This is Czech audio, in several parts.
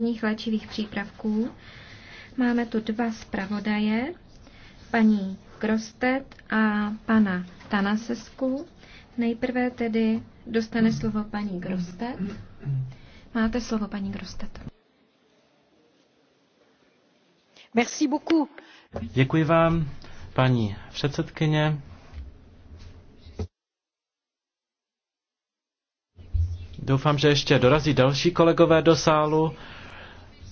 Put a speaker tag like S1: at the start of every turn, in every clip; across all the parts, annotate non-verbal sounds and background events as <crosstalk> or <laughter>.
S1: různých léčivých přípravků. Máme tu dva zpravodaje, paní Krostet a pana Tanasesku. Nejprve tedy dostane slovo paní Krostet. Máte slovo, paní Krostet. Merci beaucoup.
S2: Děkuji vám, paní předsedkyně. Doufám, že ještě dorazí další kolegové do sálu.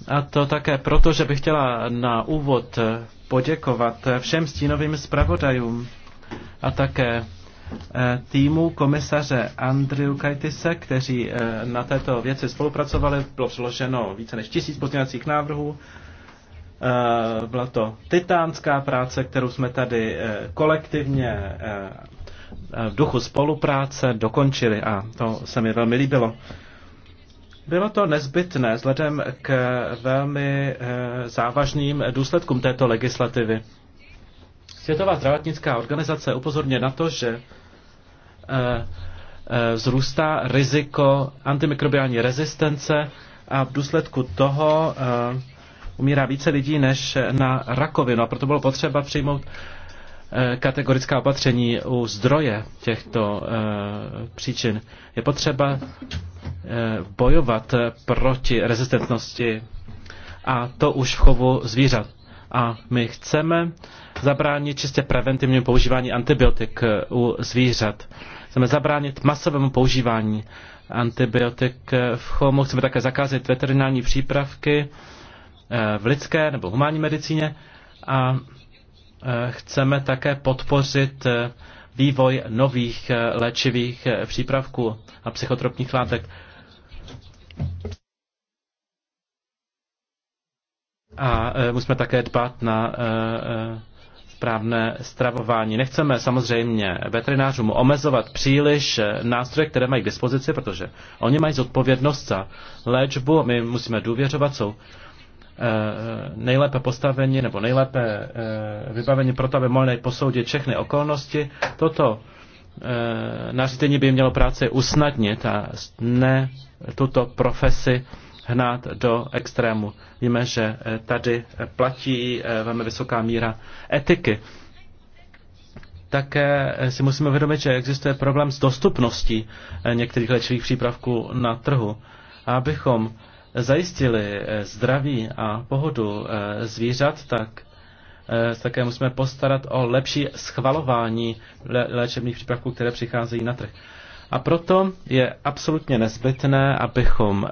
S2: A to také proto, že bych chtěla na úvod poděkovat všem stínovým zpravodajům a také eh, týmu komisaře Andriu Kajtise, kteří eh, na této věci spolupracovali. Bylo přiloženo více než tisíc pozměňovacích návrhů. Eh, byla to titánská práce, kterou jsme tady kolektivně v duchu spolupráce dokončili a to se mi velmi líbilo. Bylo to nezbytné vzhledem k velmi eh, závažným důsledkům této legislativy. Světová zdravotnická organizace upozorňuje na to, že eh, eh, vzrůstá riziko antimikrobiální rezistence a v důsledku toho umírá více lidí než na rakovinu. A proto bylo potřeba přijmout Eh, kategorická opatření u zdroje těchto eh, příčin. Je potřeba eh, bojovat proti rezistentnosti a to už v chovu zvířat. A my chceme zabránit čistě preventivnímu používání antibiotik u zvířat. Chceme zabránit masovému používání antibiotik v chomu. Chceme také zakázat veterinární přípravky v lidské nebo humánní medicíně. A Eh, chceme také podpořit eh, vývoj nových eh, léčivých přípravků a psychotropních látek. A musíme také dbát na správné stravování. Nechceme samozřejmě veterinářům omezovat příliš nástroje, které mají k dispozici, protože oni mají zodpovědnost za léčbu, my musíme důvěřovat, jsou Eh, nejlépe postavení nebo nejlépe eh, pro to, aby mohli posoudit všechny okolnosti. Toto eh, nařízení by mělo práci usnadnit a ne tuto profesi hnát do extrému. Víme, že tady platí velmi vysoká míra etiky. Také si musíme uvědomit, že existuje problém s dostupností některých léčivých přípravků na trhu. Abychom zajistili eh, zdraví a pohodu eh, zvířat, tak eh, také musíme postarat o lepší schvalování léčebných přípravků, které přicházejí na trh. A proto je absolutně nezbytné, abychom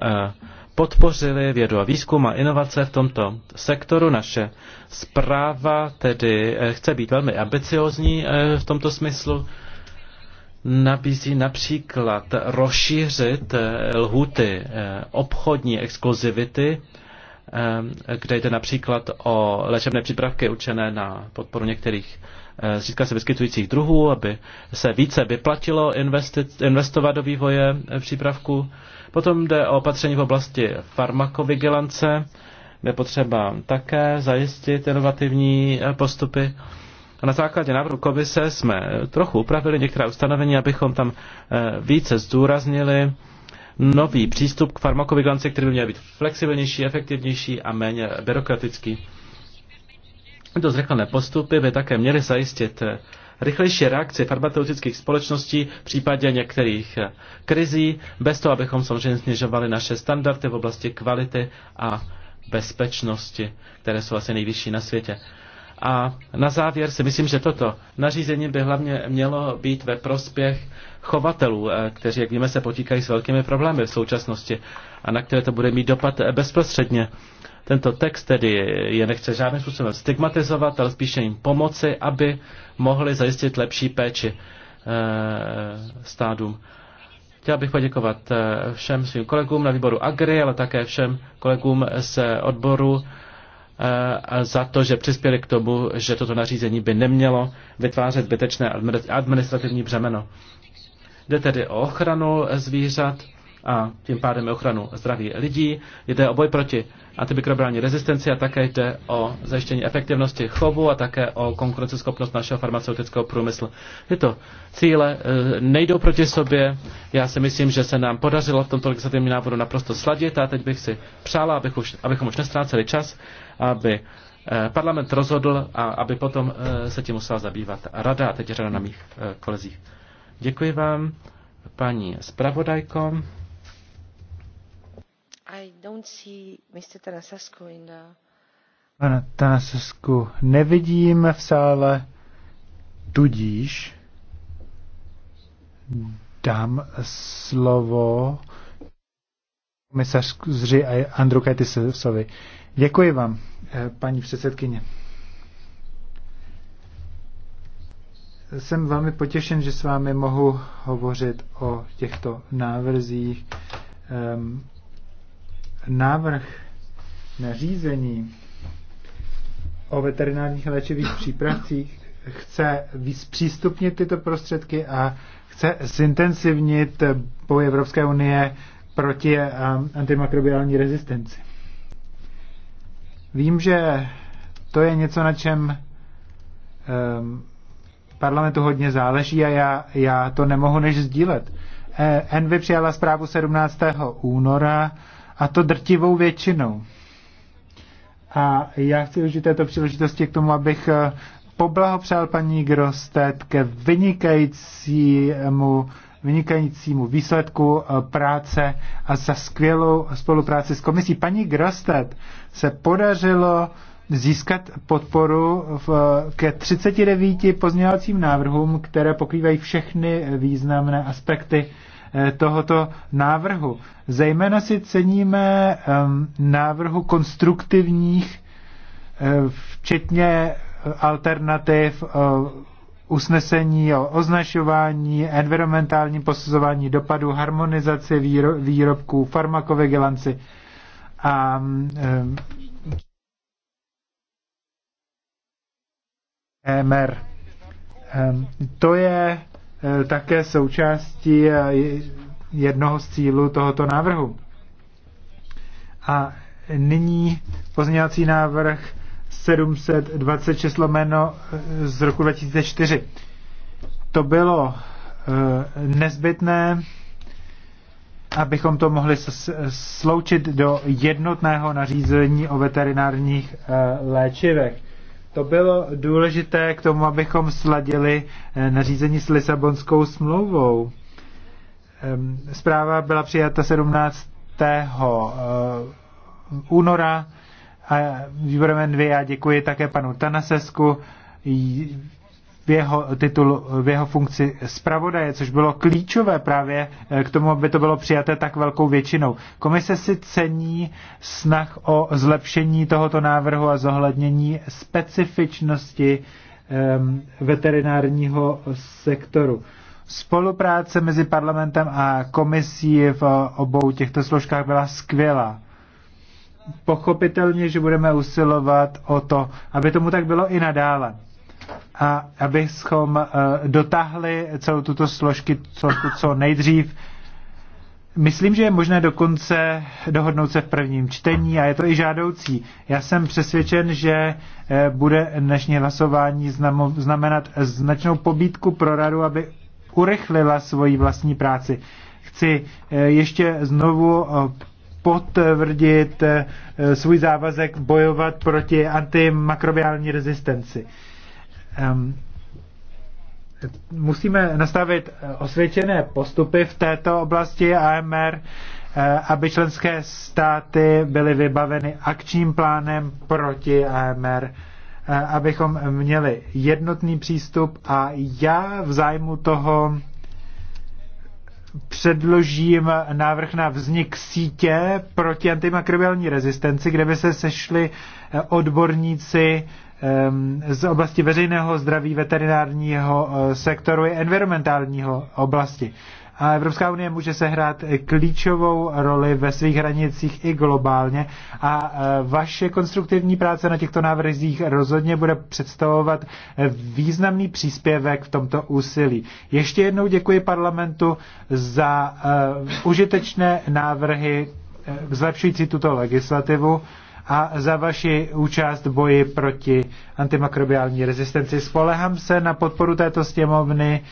S2: podpořili vědu a výzkum a inovace v tomto sektoru. Naše zpráva tedy chce být velmi ambiciozní v tomto smyslu nabízí například rozšířit eh, lhuty eh, obchodní exkluzivity, eh, kde jde například o léčebné přípravky určené na podporu některých zřídka se vyskytujících druhů, aby se více vyplatilo investovat do vývoje přípravku. Potom jde o opatření v oblasti farmakovigilance, kde potřeba také zajistit inovativní postupy. A na základě návrhu komise jsme trochu upravili některá ustanovení, abychom tam eh, více zdůraznili nový přístup k farmakovigilanci, který by měl být flexibilnější, efektivnější a méně byrokratický. Do zrychlené postupy by také měly zajistit eh, rychlejší reakci farmaceutických společností v případě některých eh, krizí, bez toho, abychom samozřejmě snižovali naše standardy v oblasti kvality a bezpečnosti, které jsou asi nejvyšší na světě. A na závěr si myslím, že toto nařízení by hlavně mělo být ve prospěch chovatelů, eh, kteří, jak víme, se potýkají s velkými problémy v současnosti a na které to bude mít dopad eh, bezprostředně. Tento text tedy je nechce žádným způsobem stigmatizovat, ale spíše jim pomoci, aby mohli zajistit lepší péči eh, stádům. Chtěl bych poděkovat všem svým kolegům na výboru Agri, ale také všem kolegům z odboru Eh, za to, že přispěli k tomu, že toto nařízení by nemělo vytvářet zbytečné administrativní břemeno. Jde tedy o ochranu zvířat a tím pádem ochranu zdraví lidí. Jde o boj proti antimikrobiální rezistenci a také jde o zajištění efektivnosti chovu a také o konkurenceschopnost našeho farmaceutického průmyslu. Tyto cíle eh, nejdou proti sobě. Já si myslím, že se nám podařilo v tomto legislativním návodu naprosto sladit a teď bych si přála, abych už, abychom už nestráceli čas, aby eh, parlament rozhodl a aby potom eh, se tím musela zabývat rada a teď řada na mých kolezích. Děkuji vám, paní zpravodajko.
S3: Pana Tanasescu nevidím v sále, tudíž dám slovo komisaři Andru Kajtisovi. Děkuji vám, eh, paní předsedkyně. Jsem velmi potěšen, že s vámi mohu hovořit o těchto návrzích. Ehm, návrh na řízení o veterinárních léčivých přípravcích chce zpřístupnit tyto prostředky a chce zintensivnit boj Evropské unie proti eh, antimakrobiální rezistenci. Vím, že to je něco, na čem um, parlamentu hodně záleží a já, já to nemohu než sdílet. Eh, Envy přijala zprávu 17. února a to drtivou většinou. A já chci užít této příležitosti k tomu, abych eh, poblahopřál paní Grostet ke vynikajícímu, vynikajícímu výsledku eh, práce a za skvělou spolupráci s komisí. Paní Grostet se podařilo získat podporu v, eh, ke 39 pozměňovacím návrhům, které pokrývají všechny významné aspekty Eh, tohoto návrhu. Zejména si ceníme návrhu konstruktivních, eh, včetně alternativ eh, usnesení o označování, environmentální posuzování dopadu, harmonizaci výro, výrobků, farmakovigilanci a EMR. To je Eh, také součástí eh, jednoho z cílů tohoto návrhu. A nyní pozměňovací návrh 726 lomeno eh, z roku 2004. To bylo nezbytné, abychom to mohli sloučit do jednotného nařízení o veterinárních léčivech. To bylo důležité k tomu, abychom sladili eh, nařízení s Lisabonskou smlouvou. Zpráva byla přijata 17. Eh, února a výborem NV já děkuji také panu Tanasesku v jeho, titulu, v jeho funkci zpravodaje, což bylo klíčové právě eh, k tomu, aby to bylo přijaté tak velkou většinou. Komise si cení snah o zlepšení tohoto návrhu a zohlednění specifičnosti um, veterinárního sektoru. Spolupráce mezi parlamentem a komisí v obou těchto složkách byla skvělá pochopitelně, že budeme usilovat o to, aby tomu tak bylo i nadále a abychom eh, dotáhli celou tuto složky co, co nejdřív. Myslím, že je možné dokonce dohodnout se v prvním čtení a je to i žádoucí. Já jsem přesvědčen, že eh, bude dnešní hlasování znamenat značnou pobídku pro radu, aby urychlila svoji vlastní práci. Chci eh, ještě znovu potvrdit svůj závazek bojovat proti antimakrobiální rezistenci um, musíme nastavit eh, osvědčené postupy v této oblasti AMR, eh, aby členské státy byly vybaveny akčním plánem proti AMR, eh, abychom měli jednotný přístup a já v zájmu toho předložím návrh na vznik sítě proti antimakrobiální rezistenci, kde by se sešli odborníci Ehm, z oblasti veřejného zdraví, veterinárního eh, sektoru i environmentálního oblasti. A Evropská unie může sehrát klíčovou roli ve svých hranicích i globálně a eh, vaše konstruktivní práce na těchto návrzích rozhodně bude představovat eh, významný příspěvek v tomto úsilí. Ještě jednou děkuji parlamentu za užitečné návrhy zlepšující tuto legislativu a za vaši účast v boji proti antimakrobiální rezistenci. Spolehám se na podporu této sněmovny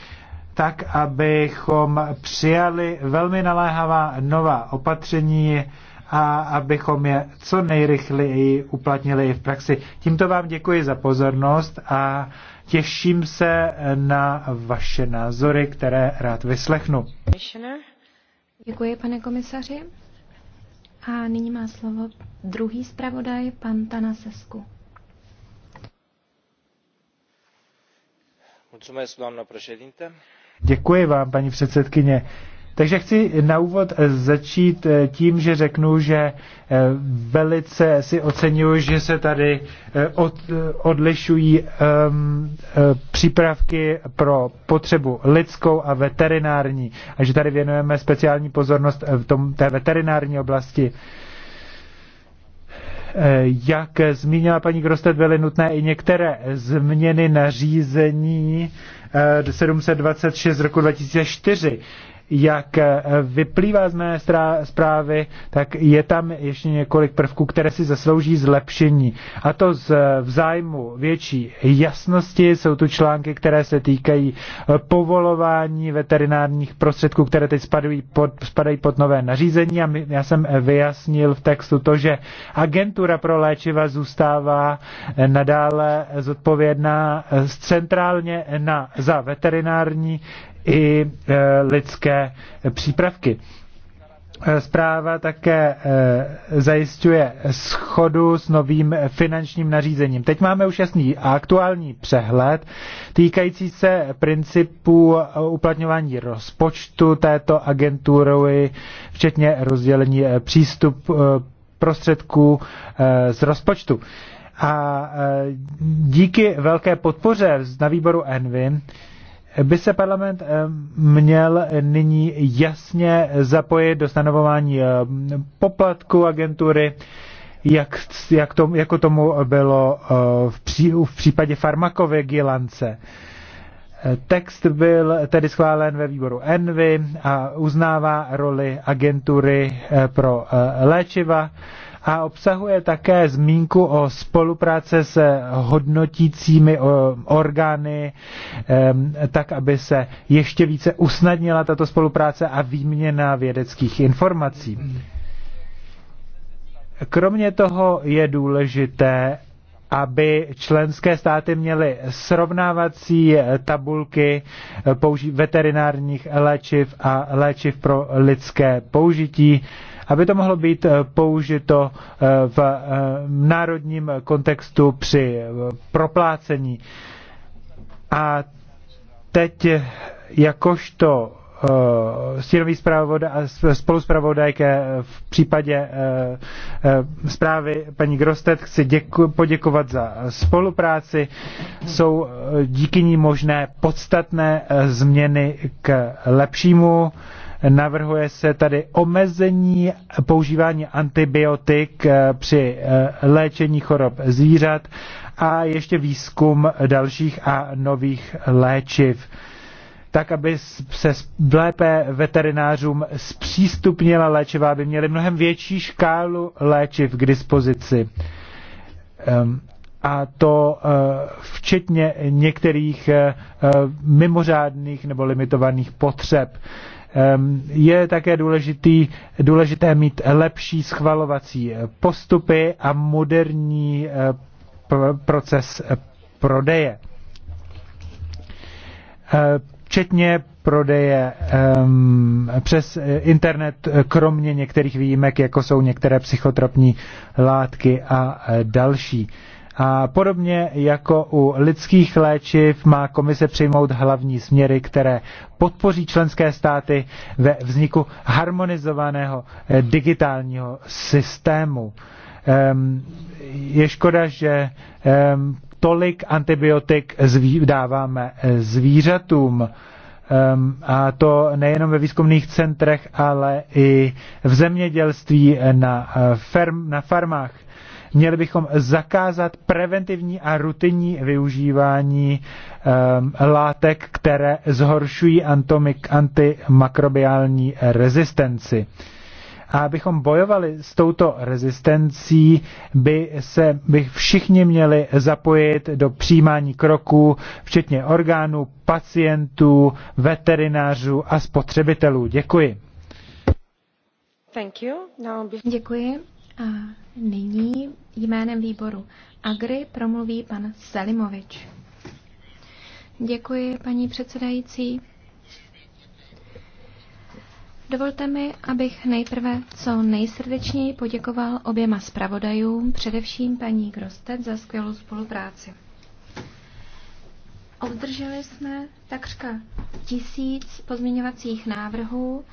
S3: tak, abychom přijali velmi naléhavá nová opatření a abychom je co nejrychleji uplatnili i v praxi. Tímto vám děkuji za pozornost a těším se na vaše názory, které rád vyslechnu.
S1: Děkuji, pane komisaři. A nyní má slovo druhý zpravodaj, pan Tanasesku.
S3: Děkuji vám, paní předsedkyně. Takže chci na úvod eh, začít eh, tím, že řeknu, že eh, velice si oceňuji, že se tady od, odlišují um, přípravky pro potřebu lidskou a veterinární a že tady věnujeme speciální pozornost v tom, té veterinární oblasti. Jak zmínila paní Grostet, byly nutné i některé změny nařízení 726 z roku 2004 jak eh, vyplývá z mé zprávy, tak je tam ještě několik prvků, které si zaslouží zlepšení. A to z, vzájmu větší jasnosti jsou tu články, které se týkají eh, povolování veterinárních prostředků, které teď spadají pod, spadají pod nové nařízení. A my, já jsem eh, vyjasnil v textu to, že agentura pro léčiva zůstává nadále zodpovědná centrálně na, za veterinární i e, lidské přípravky. E, zpráva také e, zajišťuje schodu s novým finančním nařízením. Teď máme už jasný a aktuální přehled týkající se principů uplatňování rozpočtu této agentury, včetně rozdělení přístup prostředků z rozpočtu. A díky velké podpoře na výboru Envy by se parlament eh, měl nyní jasně zapojit do stanovování eh, poplatku agentury, jak, jak tom, jako tomu bylo eh, v, pří, v případě farmakovigilance. Text byl tedy schválen ve výboru Envy a uznává roli agentury pro léčiva a obsahuje také zmínku o spolupráce s hodnotícími orgány, tak aby se ještě více usnadnila tato spolupráce a výměna vědeckých informací. Kromě toho je důležité, aby členské státy měly srovnávací tabulky veterinárních léčiv a léčiv pro lidské použití aby to mohlo být eh, použito eh, v eh, národním kontextu při proplácení. A teď jakožto stínový spoluzpravodaj v případě zprávy paní Grostet chci děku, poděkovat za spolupráci. Jsou díky ní možné podstatné změny k lepšímu navrhuje se tady omezení používání antibiotik eh, při eh, léčení chorob zvířat a ještě výzkum dalších a nových léčiv tak, aby se lépe veterinářům zpřístupnila léčiva, aby měli mnohem větší škálu léčiv k dispozici. Ehm, a to eh, včetně některých mimořádných nebo limitovaných potřeb. Ehm, je také důležitý, důležité mít lepší schvalovací eh, postupy a moderní eh, proces eh, prodeje. Včetně prodeje um, přes internet, kromě některých výjimek, jako jsou některé psychotropní látky a další. A podobně jako u lidských léčiv má komise přijmout hlavní směry, které podpoří členské státy ve vzniku harmonizovaného eh, digitálního systému. Ehm, je škoda, že ehm, tolik antibiotik dáváme eh, zvířatům. Ehm, a to nejenom ve výzkumných centrech, ale i v zemědělství eh, na, ferm, na farmách Měli bychom zakázat preventivní a rutinní využívání um, látek, které zhoršují antimakrobiální rezistenci. A abychom bojovali s touto rezistencí, by se by všichni měli zapojit do přijímání kroků, včetně orgánů, pacientů, veterinářů a spotřebitelů. Děkuji.
S1: Thank you. Now... Děkuji. A nyní jménem výboru Agri promluví pan Selimovič. Děkuji, paní předsedající. Dovolte mi, abych nejprve co nejsrdečněji poděkoval oběma zpravodajům, především paní Grostet, za skvělou spolupráci. Obdrželi jsme takřka tisíc pozměňovacích návrhů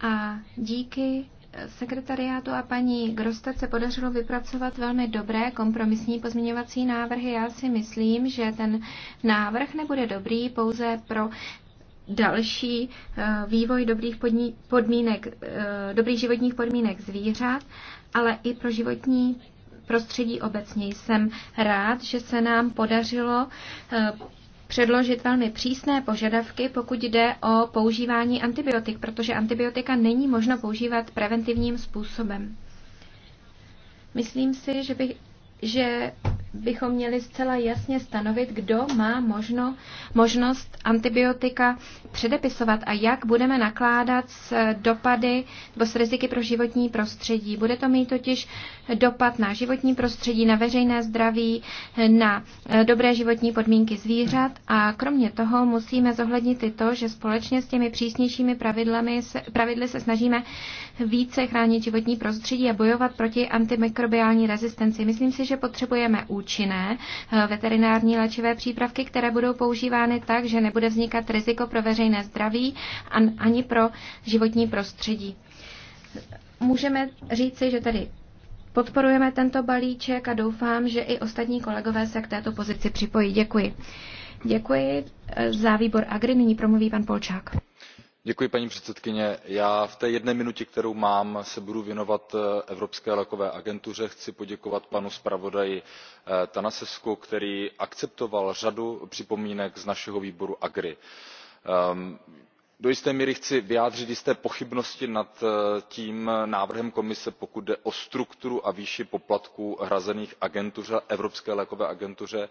S1: a díky sekretariátu a paní Grostet se podařilo vypracovat velmi dobré kompromisní pozměňovací návrhy. Já si myslím, že ten návrh nebude dobrý pouze pro další eh, vývoj dobrých podmínek, eh, dobrých životních podmínek zvířat, ale i pro životní prostředí obecně. Jsem rád, že se nám podařilo eh, předložit velmi přísné požadavky, pokud jde o používání antibiotik, protože antibiotika není možno používat preventivním způsobem. Myslím si, že, by, že bychom měli zcela jasně stanovit, kdo má možno, možnost antibiotika předepisovat a jak budeme nakládat s eh, dopady nebo s riziky pro životní prostředí. Bude to mít totiž dopad na životní prostředí, na veřejné zdraví, eh, na eh, dobré životní podmínky zvířat a kromě toho musíme zohlednit i to, že společně s těmi přísnějšími pravidlami se, pravidly se snažíme více chránit životní prostředí a bojovat proti antimikrobiální rezistenci. Myslím si, že potřebujeme účinné eh, veterinární léčivé přípravky, které budou používány tak, že nebude vznikat riziko pro veřejné zdraví ani pro životní prostředí. Můžeme říci, že tady podporujeme tento balíček a doufám, že i ostatní kolegové se k této pozici připojí. Děkuji. Děkuji eh, za výbor Agri. Nyní promluví pan Polčák
S4: paní předsedající já v té jedné minutě kterou mám se budu věnovat eh, evropské lékové agentuře. chci poděkovat panu zpravodaji eh, tnsescu který akceptoval řadu připomínek z našeho výboru agri. Ehm, do jisté míry chci vyjádřit jisté pochybnosti nad eh, tím návrhem komise pokud jde o strukturu a výši poplatků hrazených evropské lékové agentuře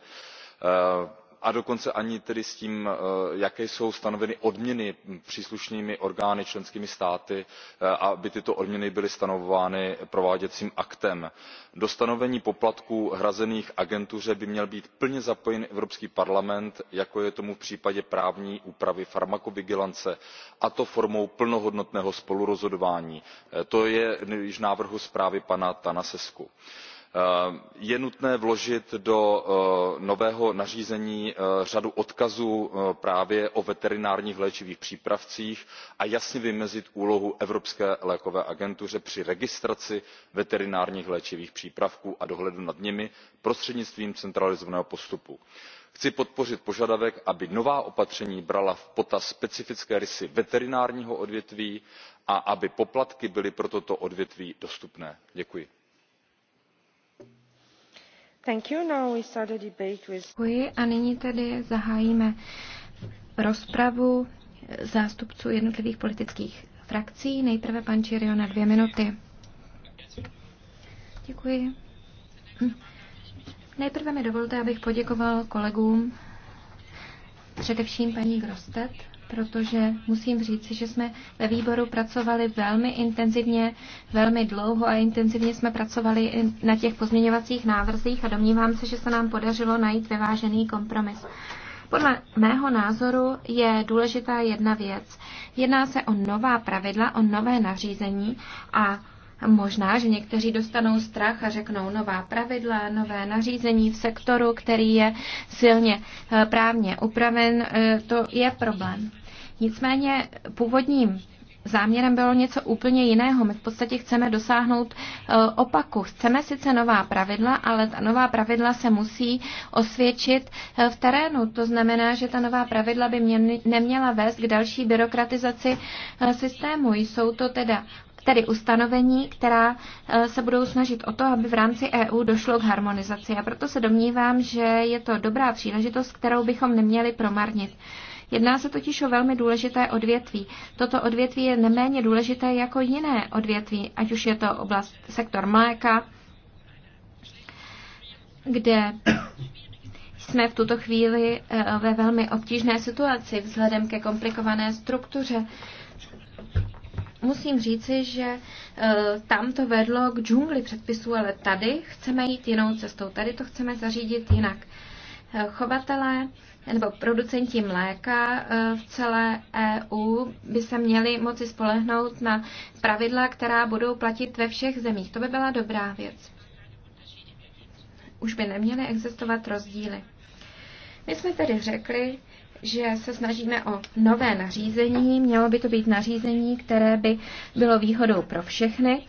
S4: ehm, a dokonce ani tedy s tím eh, jaké jsou stanoveny odměny příslušnými orgány členskými státy eh, aby tyto odměny byly stanovovány prováděcím aktem. do stanovení poplatků hrazených agentuře by měl být plně zapojen evropský parlament jako je tomu v případě právní úpravy farmakovigilance a to formou plnohodnotného spolurozhodování eh, to je již v návrhu zprávy pana tnsescu. Eh, je nutné vložit do eh, nového nařízení eh, řadu odkazů právě o veterinárních léčivých přípravcích a jasně vymezit úlohu evropské lékové agentuře při registraci veterinárních léčivých přípravků a dohledu nad nimi prostřednictvím centralizovaného postupu. chci podpořit požadavek aby nová opatření brala v potaz specifické rysy veterinárního odvětví a aby poplatky byly pro toto odvětví dostupné. děkuji.
S1: Děkuji a nyní tedy zahájíme rozpravu zástupců jednotlivých politických frakcí. Nejprve pan Čirio na dvě minuty. Děkuji. Nejprve mi dovolte, abych poděkoval kolegům, především paní Grostet, protože musím říct, že jsme ve výboru pracovali velmi intenzivně, velmi dlouho a intenzivně jsme pracovali na těch pozměňovacích návrzích a domnívám se, že se nám podařilo najít vyvážený kompromis. Podle mého názoru je důležitá jedna věc. Jedná se o nová pravidla, o nové nařízení a Možná, že někteří dostanou strach a řeknou nová pravidla, nové nařízení v sektoru, který je silně eh, právně upraven, eh, to je problém. Nicméně původním záměrem bylo něco úplně jiného. My v podstatě chceme dosáhnout e, opaku. Chceme sice nová pravidla, ale ta nová pravidla se musí osvědčit e, v terénu. To znamená, že ta nová pravidla by mě, neměla vést k další byrokratizaci e, systému. Jsou to teda tedy ustanovení, která se budou snažit o to, aby v rámci EU došlo k harmonizaci. A proto se domnívám, že je to dobrá příležitost, kterou bychom neměli promarnit. Jedná se totiž o velmi důležité odvětví. Toto odvětví je neméně důležité jako jiné odvětví, ať už je to oblast sektor mléka, kde jsme v tuto chvíli eh, ve velmi obtížné situaci vzhledem ke komplikované struktuře. Musím říci, že eh, tam to vedlo k džungli předpisů, ale tady chceme jít jinou cestou. Tady to chceme zařídit jinak. Eh, chovatelé nebo producenti mléka eh, v celé EU by se měli moci spolehnout na pravidla, která budou platit ve všech zemích. To by byla dobrá věc. Už by neměly existovat rozdíly. My jsme tedy řekli, že se snažíme o nové nařízení. Mělo by to být nařízení, které by bylo výhodou pro všechny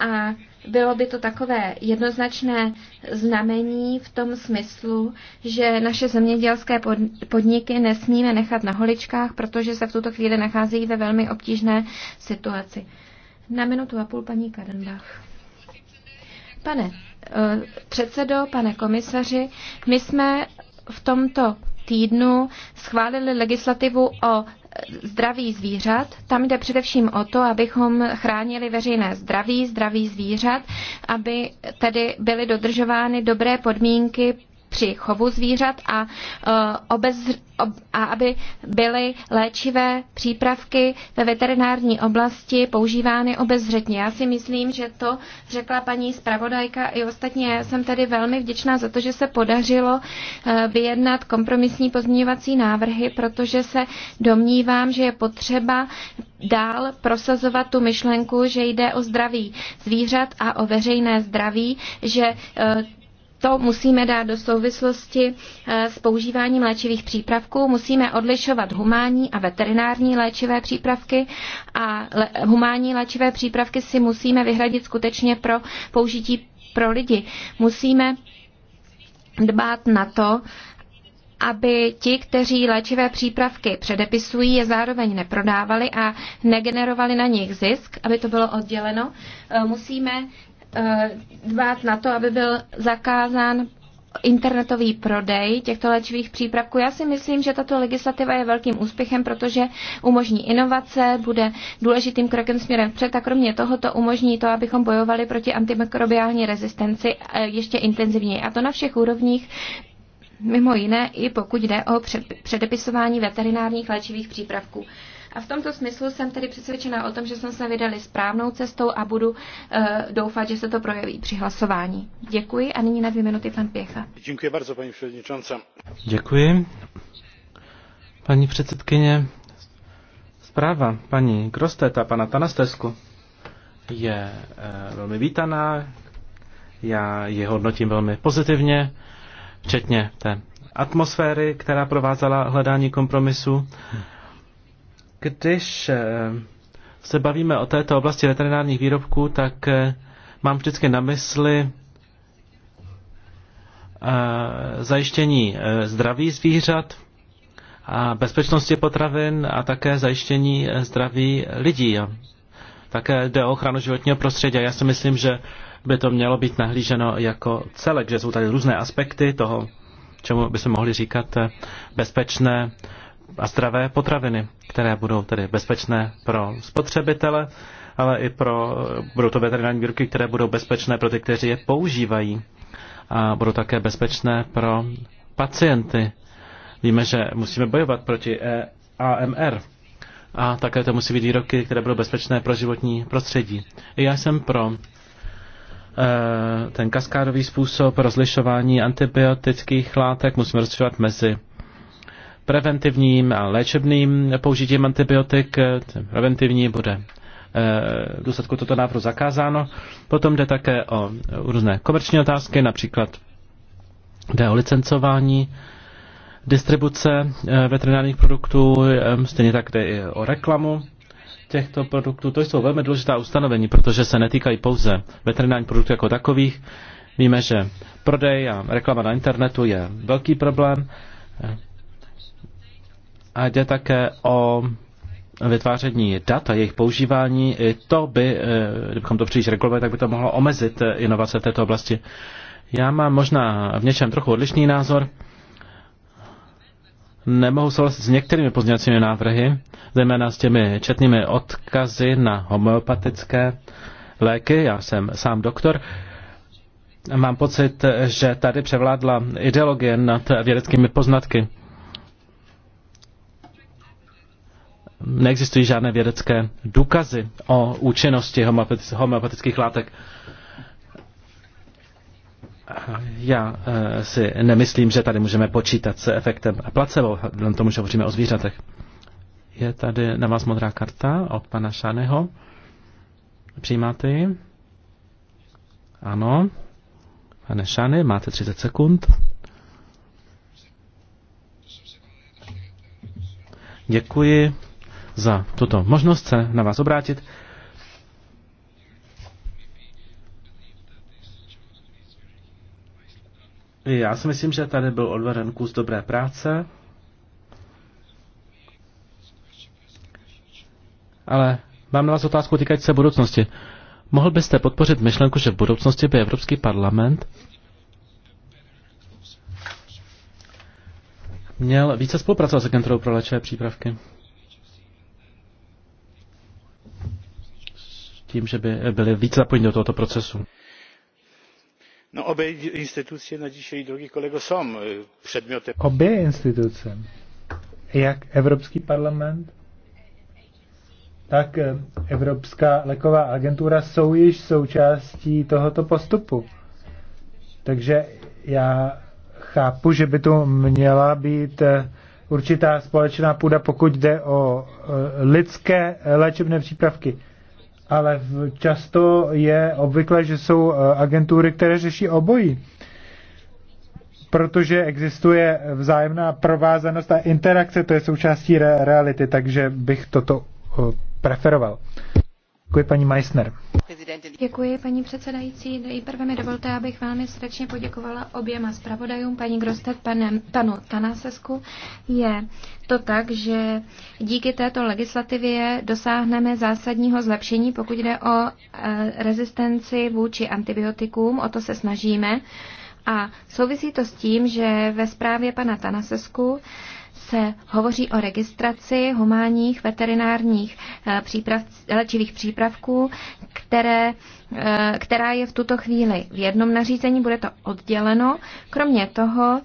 S1: a bylo by to takové jednoznačné znamení v tom smyslu, že naše zemědělské podniky nesmíme nechat na holičkách, protože se v tuto chvíli nacházejí ve velmi obtížné situaci. Na minutu a půl paní Karendach. Pane eh, předsedo, pane komisaři, my jsme v tomto týdnu schválili legislativu o zdraví zvířat. Tam jde především o to, abychom chránili veřejné zdraví, zdraví zvířat, aby tedy byly dodržovány dobré podmínky při chovu zvířat a, e, obez, ob, a aby byly léčivé přípravky ve veterinární oblasti používány obezřetně. Já si myslím, že to řekla paní zpravodajka i ostatně. Já jsem tedy velmi vděčná za to, že se podařilo e, vyjednat kompromisní pozměňovací návrhy, protože se domnívám, že je potřeba dál prosazovat tu myšlenku, že jde o zdraví zvířat a o veřejné zdraví, že e, to musíme dát do souvislosti eh, s používáním léčivých přípravků. Musíme odlišovat humánní a veterinární léčivé přípravky a humánní léčivé přípravky si musíme vyhradit skutečně pro použití pro lidi. Musíme dbát na to, aby ti, kteří léčivé přípravky předepisují, je zároveň neprodávali a negenerovali na nich zisk, aby to bylo odděleno. Eh, musíme Eh, dbát na to, aby byl zakázán internetový prodej těchto léčivých přípravků. Já si myslím, že tato legislativa je velkým úspěchem, protože umožní inovace, bude důležitým krokem směrem vpřed a kromě toho to umožní to, abychom bojovali proti antimikrobiální rezistenci eh, ještě intenzivněji. A to na všech úrovních, mimo jiné i pokud jde o předepisování veterinárních léčivých přípravků. A v tomto smyslu jsem tedy přesvědčena o tom, že jsme se vydali správnou cestou a budu uh, doufat, že se to projeví při hlasování. Děkuji a nyní na dvě minuty pan Pěcha.
S4: Děkuji bardzo, paní předsedničance.
S2: Děkuji. Paní předsedkyně, zpráva paní Grosteta, pana Tanastesku je eh, velmi vítaná, já ji hodnotím velmi pozitivně, včetně té atmosféry, která provázala hledání kompromisu. Když eh, se bavíme o této oblasti veterinárních výrobků, tak eh, mám vždycky na mysli eh, zajištění zdraví zvířat a bezpečnosti potravin a také zajištění zdraví lidí. Také jde o ochranu životního prostředí. Já si myslím, že by to mělo být nahlíženo jako celek, že jsou tady různé aspekty toho, čemu by se mohli říkat bezpečné a zdravé potraviny, které budou tedy bezpečné pro spotřebitele, ale i pro, budou to veterinární výrobky, které budou bezpečné pro ty, kteří je používají a budou také bezpečné pro pacienty. Víme, že musíme bojovat proti AMR a také to musí být výroky, které budou bezpečné pro životní prostředí. I já jsem pro eh, ten kaskádový způsob rozlišování antibiotických látek musíme rozlišovat mezi preventivním a léčebným použitím antibiotik. Preventivní bude eh, v důsledku toto návrhu zakázáno. Potom jde také o různé komerční otázky, například jde o licencování, distribuce eh, veterinárních produktů, eh, stejně tak jde i o reklamu těchto produktů. To jsou velmi důležitá ustanovení, protože se netýkají pouze veterinárních produktů jako takových. Víme, že prodej a reklama na internetu je velký problém a jde také o vytváření dat a jejich používání. I to by, eh, kdybychom to příliš regulovali, tak by to mohlo omezit eh, inovace v této oblasti. Já mám možná v něčem trochu odlišný názor. Nemohu souhlasit s některými pozměňovacími návrhy, zejména s těmi četnými odkazy na homeopatické léky. Já jsem sám doktor. Mám pocit, že tady převládla ideologie nad vědeckými poznatky. neexistují žádné vědecké důkazy o účinnosti homeopatických látek. Já eh, si nemyslím, že tady můžeme počítat s efektem placebo, vzhledem tomu, že hovoříme o zvířatech. Je tady na vás modrá karta od pana Šaneho. Přijímáte ji? Ano. Pane Šany, máte 30 sekund. Děkuji, za tuto možnost se na vás obrátit. Já si myslím, že tady byl odveden kus dobré práce, ale mám na vás otázku týkající se budoucnosti. Mohl byste podpořit myšlenku, že v budoucnosti by Evropský parlament měl více spolupracovat s agenturou pro léčivé přípravky? tím, že by byli víc zapojeni do tohoto procesu.
S4: No, obě instituce na dzisiaj, druhý kolego, jsou e, předmětem. Obě
S3: instituce, jak Evropský parlament, tak e, Evropská leková agentura jsou již součástí tohoto postupu. Takže já chápu, že by tu měla být e, určitá společná půda, pokud jde o lidské léčebné přípravky ale často je obvykle, že jsou e, agentury, které řeší obojí. Protože existuje vzájemná provázanost a interakce, to je součástí re- reality, takže bych toto e, preferoval. Děkuji paní Meissner.
S1: Děkuji, paní předsedající. Nejprve mi dovolte, abych velmi srdečně poděkovala oběma zpravodajům, paní Grostet, panem, panu Tanasesku. Je to tak, že díky této legislativě dosáhneme zásadního zlepšení, pokud jde o eh, rezistenci vůči antibiotikům, o to se snažíme. A souvisí to s tím, že ve zprávě pana Tanasesku se hovoří o registraci humánních veterinárních eh, příprav, léčivých přípravků, které, eh, která je v tuto chvíli v jednom nařízení, bude to odděleno. Kromě toho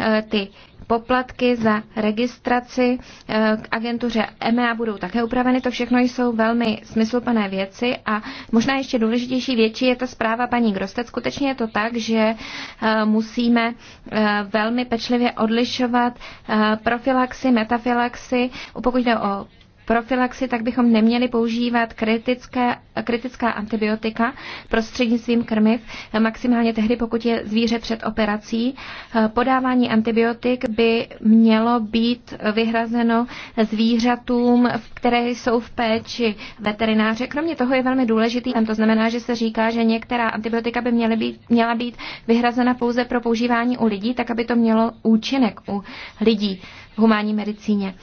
S1: eh, ty poplatky za registraci eh, k agentuře EMEA budou také upraveny. To všechno jsou velmi smysluplné věci a možná ještě důležitější větší je ta zpráva paní Grostec. Skutečně je to tak, že eh, musíme eh, velmi pečlivě odlišovat profilaxi, metafilaxi, pokud jde o profilaxi, tak bychom neměli používat kritické, kritická antibiotika prostřednictvím krmiv maximálně tehdy, pokud je zvíře před operací. Podávání antibiotik by mělo být vyhrazeno zvířatům, které jsou v péči veterináře. Kromě toho je velmi důležitý, to znamená, že se říká, že některá antibiotika by měla být, měla být vyhrazena pouze pro používání u lidí, tak aby to mělo účinek u lidí v humánní medicíně.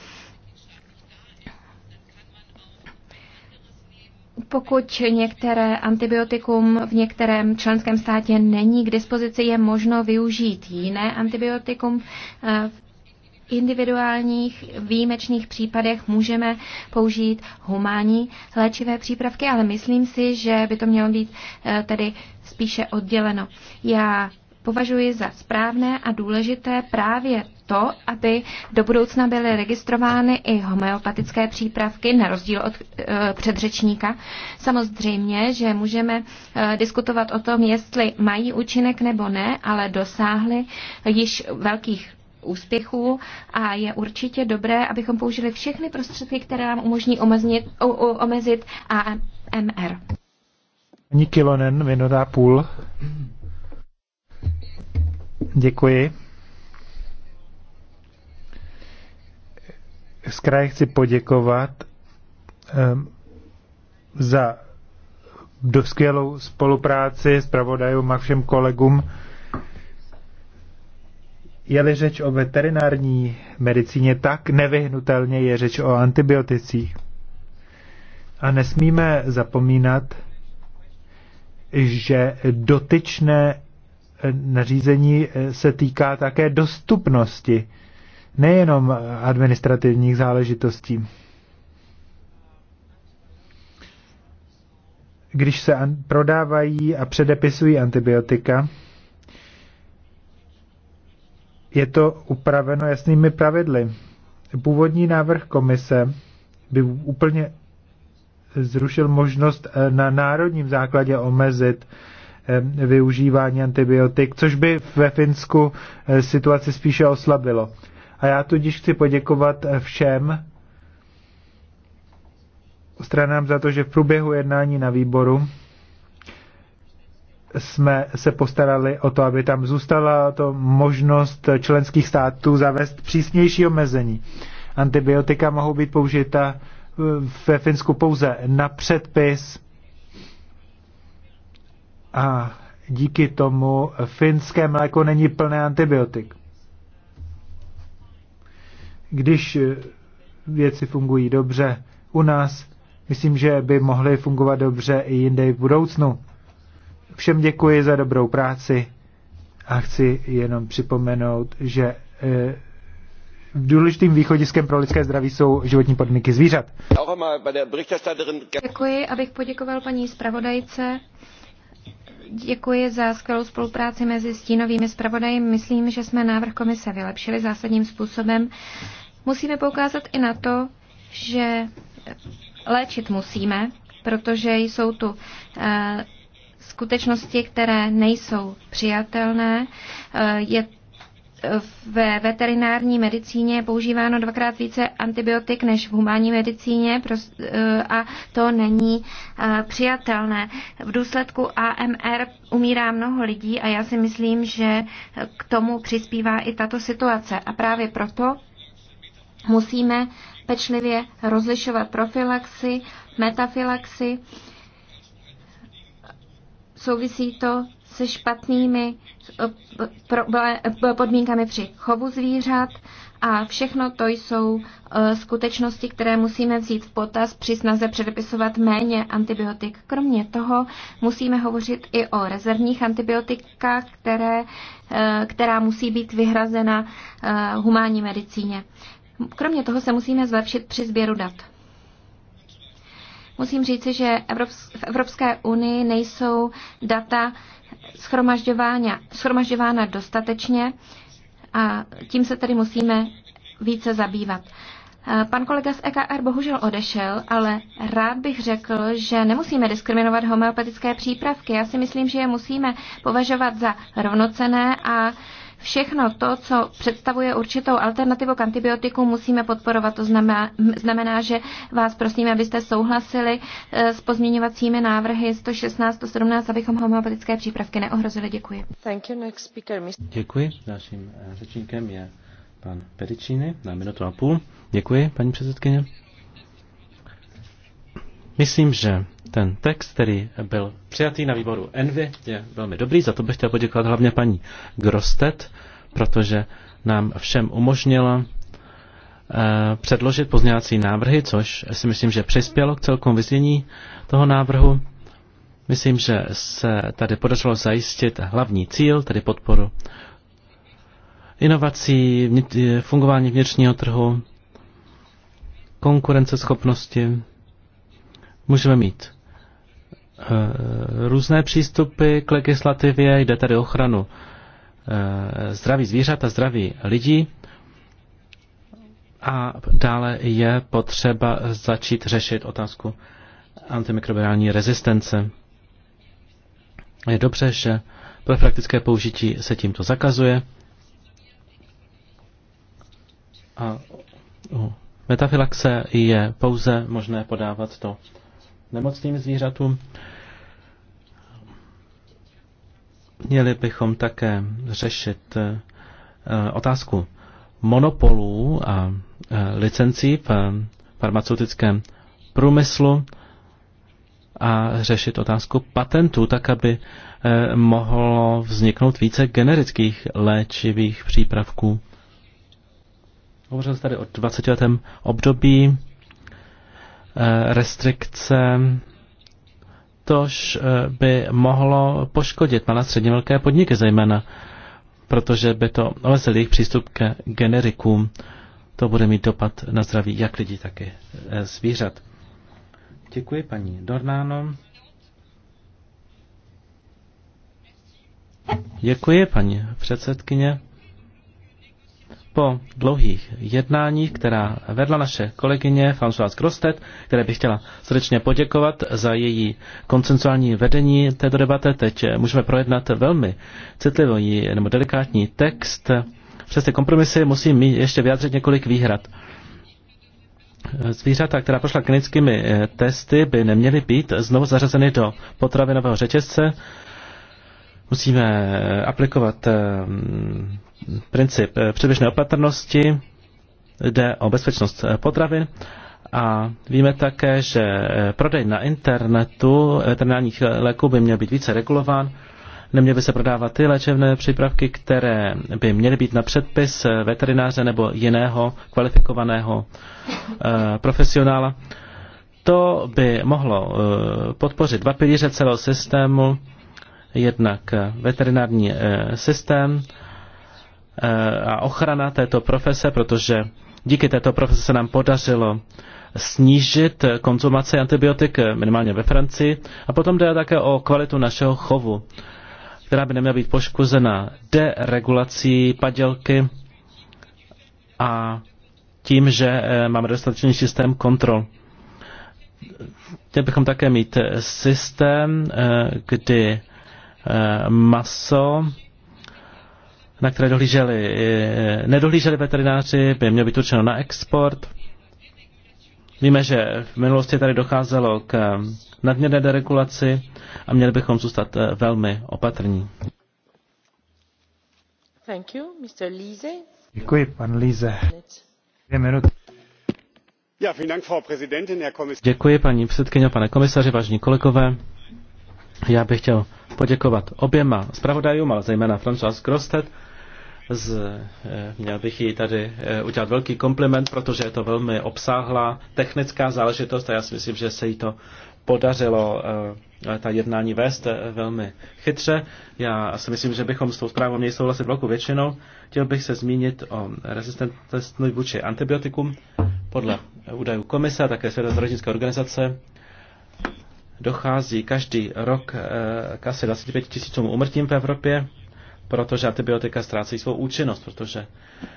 S1: Pokud některé antibiotikum v některém členském státě není k dispozici, je možno využít jiné antibiotikum. V individuálních výjimečných případech můžeme použít humánní léčivé přípravky, ale myslím si, že by to mělo být eh, tedy spíše odděleno. Já považuji za správné a důležité právě to, aby do budoucna byly registrovány i homeopatické přípravky, na rozdíl od e, předřečníka. Samozřejmě, že můžeme e, diskutovat o tom, jestli mají účinek nebo ne, ale dosáhly již velkých úspěchů a je určitě dobré, abychom použili všechny prostředky, které nám umožní omeznit, o, o, omezit AMR.
S3: Nikilonen, minuta půl. Děkuji. z kraje chci poděkovat ehm, za doskvělou spolupráci s pravodajům a všem kolegům. Je-li řeč o veterinární medicíně, tak nevyhnutelně je řeč o antibioticích. A nesmíme zapomínat, že dotyčné nařízení se týká také dostupnosti nejenom administrativních záležitostí. Když se prodávají a předepisují antibiotika, je to upraveno jasnými pravidly. Původní návrh komise by úplně zrušil možnost eh, na národním základě omezit eh, využívání antibiotik, což by ve Finsku eh, situaci spíše oslabilo. A já tudíž chci poděkovat eh, všem stranám za to, že v průběhu jednání na výboru jsme se postarali o to, aby tam zůstala to možnost členských států zavést přísnější omezení. Antibiotika mohou být použita eh, ve Finsku pouze na předpis a díky tomu finské mléko není plné antibiotik když eh, věci fungují dobře u nás, myslím, že by mohly fungovat dobře i jinde v budoucnu. Všem děkuji za dobrou práci a chci jenom připomenout, že eh, důležitým východiskem pro lidské zdraví jsou životní podmínky zvířat.
S1: Děkuji, abych poděkoval paní zpravodajce. Děkuji za skvělou spolupráci mezi stínovými zpravodaji. Myslím, že jsme návrh komise vylepšili zásadním způsobem. Musíme poukázat i na to, že léčit musíme, protože jsou tu eh, skutečnosti, které nejsou přijatelné. Eh, je eh, ve veterinární medicíně používáno dvakrát více antibiotik než v humánní medicíně a to není přijatelné. V důsledku AMR umírá mnoho lidí a já si myslím, že k tomu přispívá i tato situace. A právě proto Musíme pečlivě rozlišovat profilaxi, metafilaxi. Souvisí to se špatnými eh, eh, eh, podmínkami při chovu zvířat a všechno to jsou skutečnosti, které musíme vzít v potaz při snaze předepisovat méně antibiotik. Kromě toho musíme hovořit i o rezervních antibiotikách, které, která musí být vyhrazena humánní medicíně. Kromě toho se musíme zlepšit při sběru dat. Musím říci, že v Evropské unii nejsou data schromažďována, dostatečně a tím se tedy musíme více zabývat. Eh, pan kolega z EKR bohužel odešel, ale rád bych řekl, že nemusíme diskriminovat homeopatické přípravky. Já si myslím, že je musíme považovat za rovnocené a všechno to, co představuje určitou alternativu k antibiotiku, musíme podporovat. To znamená, znamená že vás prosím, abyste souhlasili eh, s pozměňovacími návrhy 116, 117, abychom homeopatické přípravky neohrozili. Děkuji. Thank you. Next speaker,
S2: Mr. Děkuji. Dalším eh, řečníkem je pan Pericini na minutu a půl. Děkuji, paní předsedkyně. Myslím, že ten text, který byl přijatý na výboru Envy, je velmi dobrý, za to bych chtěl poděkovat hlavně paní Grostet, protože nám všem umožnila eh, předložit pozněvací návrhy, což si myslím, že přispělo k celkom vyznění toho návrhu. Myslím, že se tady podařilo zajistit hlavní cíl, tedy podporu inovací, fungování vnitřního trhu, konkurenceschopnosti. Můžeme mít Eh, různé přístupy k legislativě, jde tady ochranu eh, zdraví zvířat a zdraví lidí. A dále je potřeba začít řešit otázku antimikrobiální rezistence. Je dobře, že pro praktické použití se tímto zakazuje. A u metafilaxe je pouze možné podávat to nemocným zvířatům. Měli bychom také řešit eh, otázku monopolů a eh, licencí v eh, farmaceutickém průmyslu a řešit otázku patentů, tak aby mohlo vzniknout více generických léčivých přípravků. Hovořil jste tady o 20 letém období Eh, restrikce, tož eh, by mohlo poškodit malé středně velké podniky zejména, protože by to omezil jejich přístup ke generikům. To bude mít dopad na zdraví jak lidí, tak i eh, zvířat. Děkuji paní Dornáno. Děkuji paní předsedkyně. Po dlouhých jednáních, která vedla naše kolegyně François Grostet, které bych chtěla srdečně poděkovat za její koncensuální vedení této debaty, teď můžeme projednat velmi citlivý nebo delikátní text. Přes ty kompromisy musím ještě vyjádřit několik výhrad. Zvířata, která prošla klinickými eh, testy, by neměly být znovu zařazeny do potravinového řetězce. Musíme eh, aplikovat eh, princip eh, předběžné opatrnosti, jde o bezpečnost eh, potravin a víme také, že eh, prodej na internetu veterinárních léků by měl být více regulován. Neměly by se prodávat ty léčebné přípravky, které by měly být na předpis veterináře nebo jiného kvalifikovaného profesionála. To by mohlo podpořit dva pilíře celého systému, jednak veterinární systém Eh, a ochrana této profese, protože díky této profese se nám podařilo snížit konzumaci antibiotik eh, minimálně ve Francii a potom jde také o kvalitu našeho chovu, která by neměla být poškozena deregulací padělky a tím, že eh, máme dostatečný systém kontrol. Chtěli bychom také mít systém, kdy maso na které dohlíželi, eh, nedohlíželi veterináři, by mělo být určeno na export. Víme, že v minulosti tady docházelo k eh, nadměrné deregulaci a měli bychom zůstat eh, velmi opatrní.
S4: Thank you, Mr. Lise.
S2: Děkuji, pan Líze. Dvě minuty. Děkuji, paní předsedkyně, pane komisaři, vážní kolegové. Já bych chtěl poděkovat oběma zpravodajům, ale zejména François Grostet z, eh, měl bych jí tady eh, udělat velký kompliment, protože je to velmi obsáhlá technická záležitost a já si myslím, že se jí to podařilo eh, ta jednání vést velmi chytře. Já si myslím, že bychom s tou zprávou měli souhlasit velkou většinou. Chtěl bych se zmínit o rezistentnosti vůči antibiotikum. Podle údajů komise, také Světové zdravotnické organizace, dochází každý rok k asi 25 tisícům umrtím v Evropě protože antibiotika ztrácejí svou účinnost, protože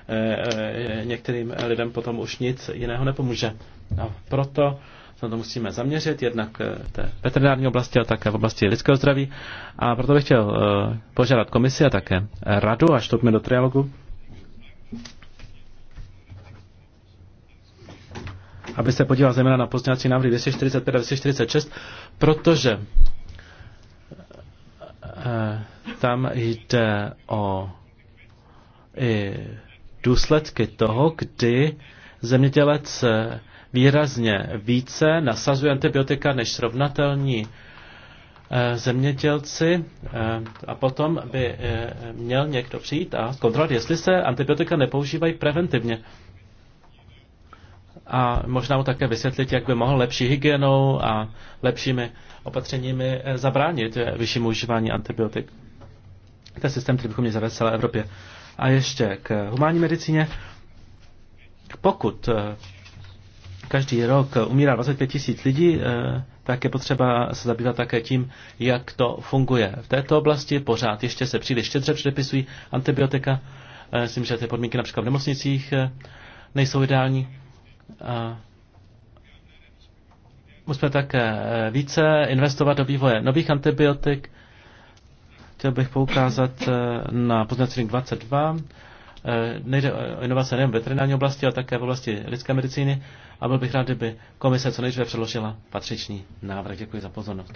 S2: eh, eh, některým lidem potom už nic jiného nepomůže. A proto se to musíme zaměřit, jednak eh, v té veterinární oblasti a také v oblasti lidského zdraví. A proto bych chtěl požádat komisi a také radu, až vstoupíme do trialogu, aby se podíval zejména na pozdňací návrhy 245 a 246, protože tam jde o i důsledky toho, kdy zemědělec výrazně více nasazuje antibiotika než srovnatelní eh, zemědělci eh, a potom by eh, měl někdo přijít a zkontrolovat, jestli se antibiotika nepoužívají preventivně. A možná mu také vysvětlit, jak by mohl lepší hygienou a lepšími opatřeními zabránit vyššímu užívání antibiotik. To je systém, který bychom měli zavést v celé Evropě. A ještě k humánní medicíně. Pokud eh, každý rok umírá 25 tisíc lidí, eh, tak je potřeba se zabývat také tím, jak to funguje. V této oblasti pořád ještě se příliš štědře předepisují antibiotika. Eh, myslím, že ty podmínky například v nemocnicích nejsou ideální. Musíme také více investovat do vývoje nových antibiotik, Chtěl bych poukázat eh, na poznací 22. Eh, nejde o inovace nejen v veterinární oblasti, ale také v oblasti lidské medicíny a byl bych rád, kdyby komise co nejdříve předložila patřičný návrh. Děkuji za pozornost.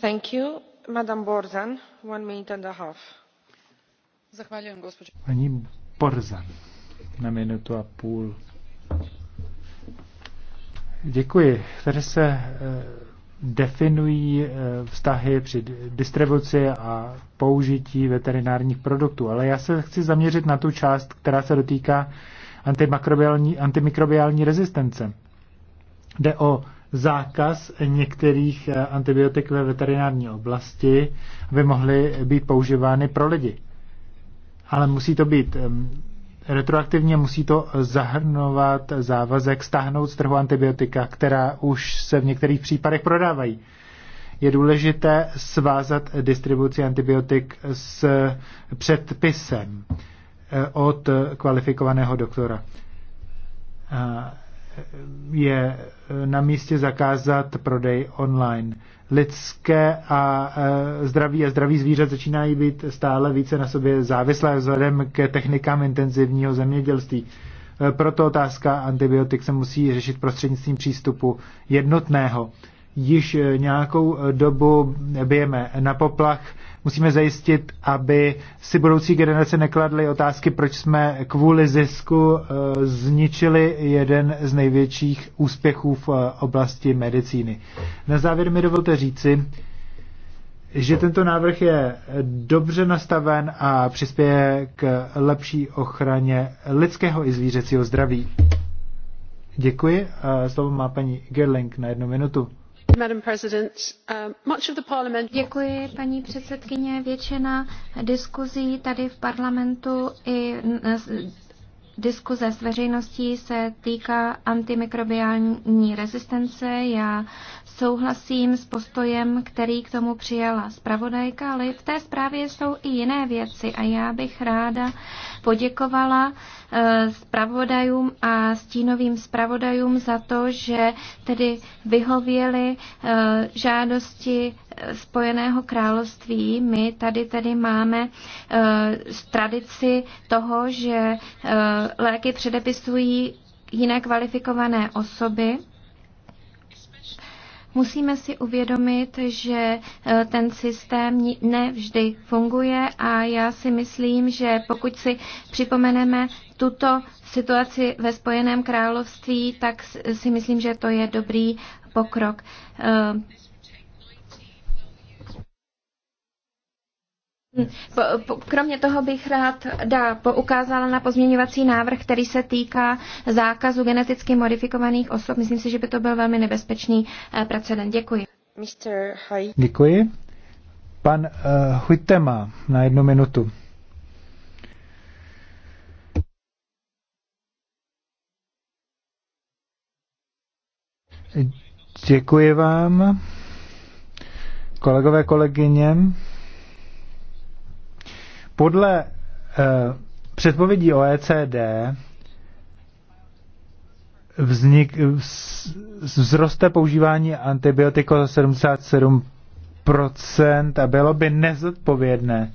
S1: Thank you. Madam Borzan, one minute and a half.
S2: Zahvaljujem, gospođo.
S3: Pani Borzan, na minutu a půl. Děkuji. Tady se eh, definují eh, vztahy při distribuci a použití veterinárních produktů. Ale já se chci zaměřit na tu část, která se dotýká antimikrobiální, antimikrobiální rezistence. Jde o zákaz některých eh, antibiotik ve veterinární oblasti, aby mohly být používány pro lidi. Ale musí to být retroaktivně musí to zahrnovat závazek stáhnout z trhu antibiotika, která už se v některých případech prodávají. Je důležité svázat distribuci antibiotik s předpisem eh, od kvalifikovaného doktora. Eh, je eh, na místě zakázat prodej online. Lidské a eh, zdraví a zdraví zvířat začínají být stále více na sobě závislé vzhledem k technikám intenzivního zemědělství. Eh, proto otázka antibiotik se musí řešit prostřednictvím přístupu jednotného již eh, nějakou eh, dobu bijeme na poplach. Musíme zajistit, aby si budoucí generace nekladly otázky, proč jsme kvůli zisku eh, zničili jeden z největších úspěchů v oblasti medicíny. Na závěr mi dovolte říci, že tento návrh je dobře nastaven a přispěje k lepší ochraně lidského i zvířecího zdraví. Děkuji. Slovo má paní Gerling na jednu minutu. Um,
S1: Děkuji, paní předsedkyně. Většina diskuzí tady v parlamentu i diskuze s veřejností se týká antimikrobiální rezistence. Já souhlasím s postojem, který k tomu přijala zpravodajka, ale v té zprávě jsou i jiné věci a já bych ráda poděkovala eh, zpravodajům a stínovým zpravodajům za to, že tedy vyhověli eh, žádosti eh, Spojeného království. My tady tedy máme tradici toho, že léky předepisují jiné kvalifikované osoby. Musíme si uvědomit, že eh, ten systém nevždy funguje a já si myslím, že pokud si připomeneme tuto situaci ve Spojeném království, tak si myslím, že to je dobrý pokrok. Eh, Kromě toho bych rád dá, poukázala na pozměňovací návrh, který se týká zákazu geneticky modifikovaných osob. Myslím si, že by to byl velmi nebezpečný eh, precedent. Děkuji.
S3: Děkuji. Pan uh, Huitema na jednu minutu. Děkuji vám, kolegové, kolegyně. Podle eh, předpovědí OECD vznik, vzroste používání antibiotiko za 77% a bylo by nezodpovědné,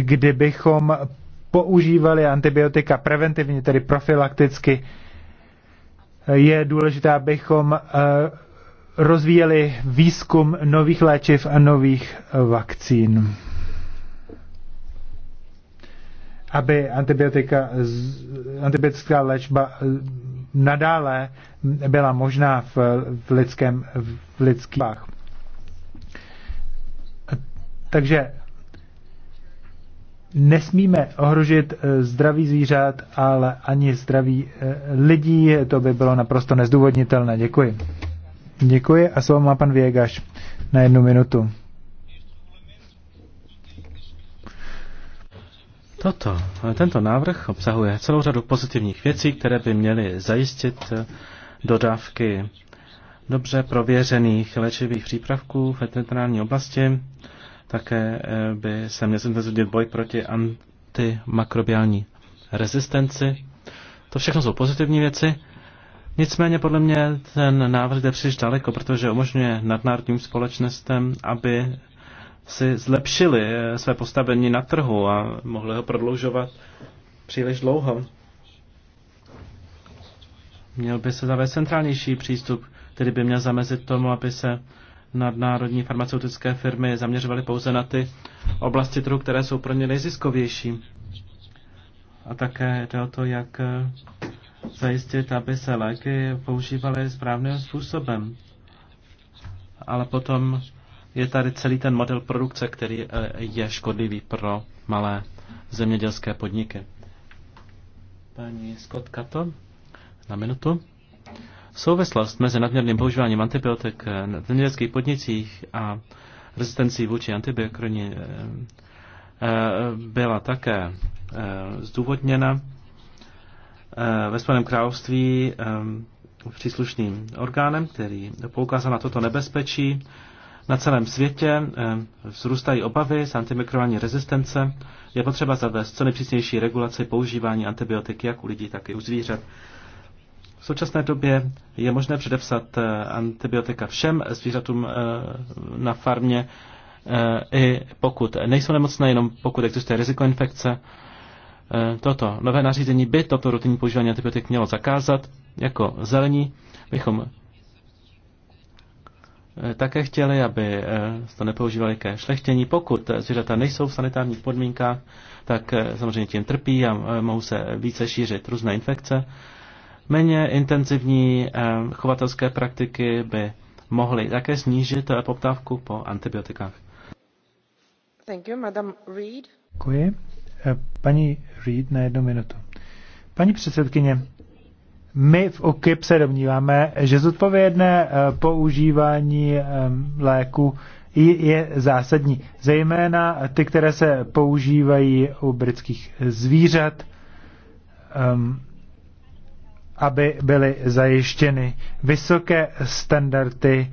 S3: kdybychom používali antibiotika preventivně, tedy profilakticky. Je důležité, abychom eh, rozvíjeli výzkum nových léčiv a nových vakcín aby antibiotika, antibiotická léčba eh, nadále byla možná v, v, lidském, v lidských Takže nesmíme ohrožit eh, zdraví zvířat, ale ani zdraví eh, lidí. To by bylo naprosto nezdůvodnitelné. Děkuji. Děkuji a slovo má pan Věgaš na jednu minutu.
S2: Toto, eh, tento návrh obsahuje celou řadu pozitivních věcí, které by měly zajistit eh, dodávky dobře prověřených léčivých přípravků v veterinární oblasti. Také eh, by se měl zintenzivnit boj proti antimakrobiální rezistenci. To všechno jsou pozitivní věci. Nicméně podle mě ten návrh jde příliš daleko, protože umožňuje nadnárodním společnostem, aby si zlepšili eh, své postavení na trhu a mohli ho prodloužovat příliš dlouho. Měl by se zavést centrálnější přístup, který by měl zamezit tomu, aby se nadnárodní farmaceutické firmy zaměřovaly pouze na ty oblasti trhu, které jsou pro ně nejziskovější. A také jde o to, jak eh, zajistit, aby se léky používaly správným způsobem. Ale potom je tady celý ten model produkce, který eh, je škodlivý pro malé zemědělské podniky. Paní Scott Kato, na minutu. Souvislost mezi nadměrným používáním antibiotik na zemědělských podnicích a rezistencí vůči antibiokroni eh, eh, byla také zdůvodněna ve Spojeném království příslušným orgánem, který poukázal na toto nebezpečí na celém světě eh, vzrůstají obavy z antimikrobiální rezistence. Je potřeba zavést co nejpřísnější regulaci používání antibiotik jak u lidí, tak i u zvířat. V současné době je možné předepsat eh, antibiotika všem zvířatům eh, na farmě, i pokud nejsou nemocné, jenom pokud existuje riziko infekce. Toto nové nařízení by toto rutinní používání antibiotik mělo zakázat. Jako zelení bychom Eh, také chtěli, aby eh, to nepoužívali ke šlechtění. Pokud zvířata nejsou v sanitárních podmínkách, tak eh, samozřejmě tím trpí a mohou se více šířit různé infekce. Méně intenzivní chovatelské praktiky by mohly také snížit
S3: poptávku po
S2: antibiotikách.
S1: Thank you, Madam Reed.
S3: Děkuji. Paní Reed na jednu minutu. Paní předsedkyně, my v UKIP se domníváme, že zodpovědné eh, používání eh, léku je zásadní, zejména ty, které se používají u britských zvířat, ehm, aby byly zajištěny vysoké standardy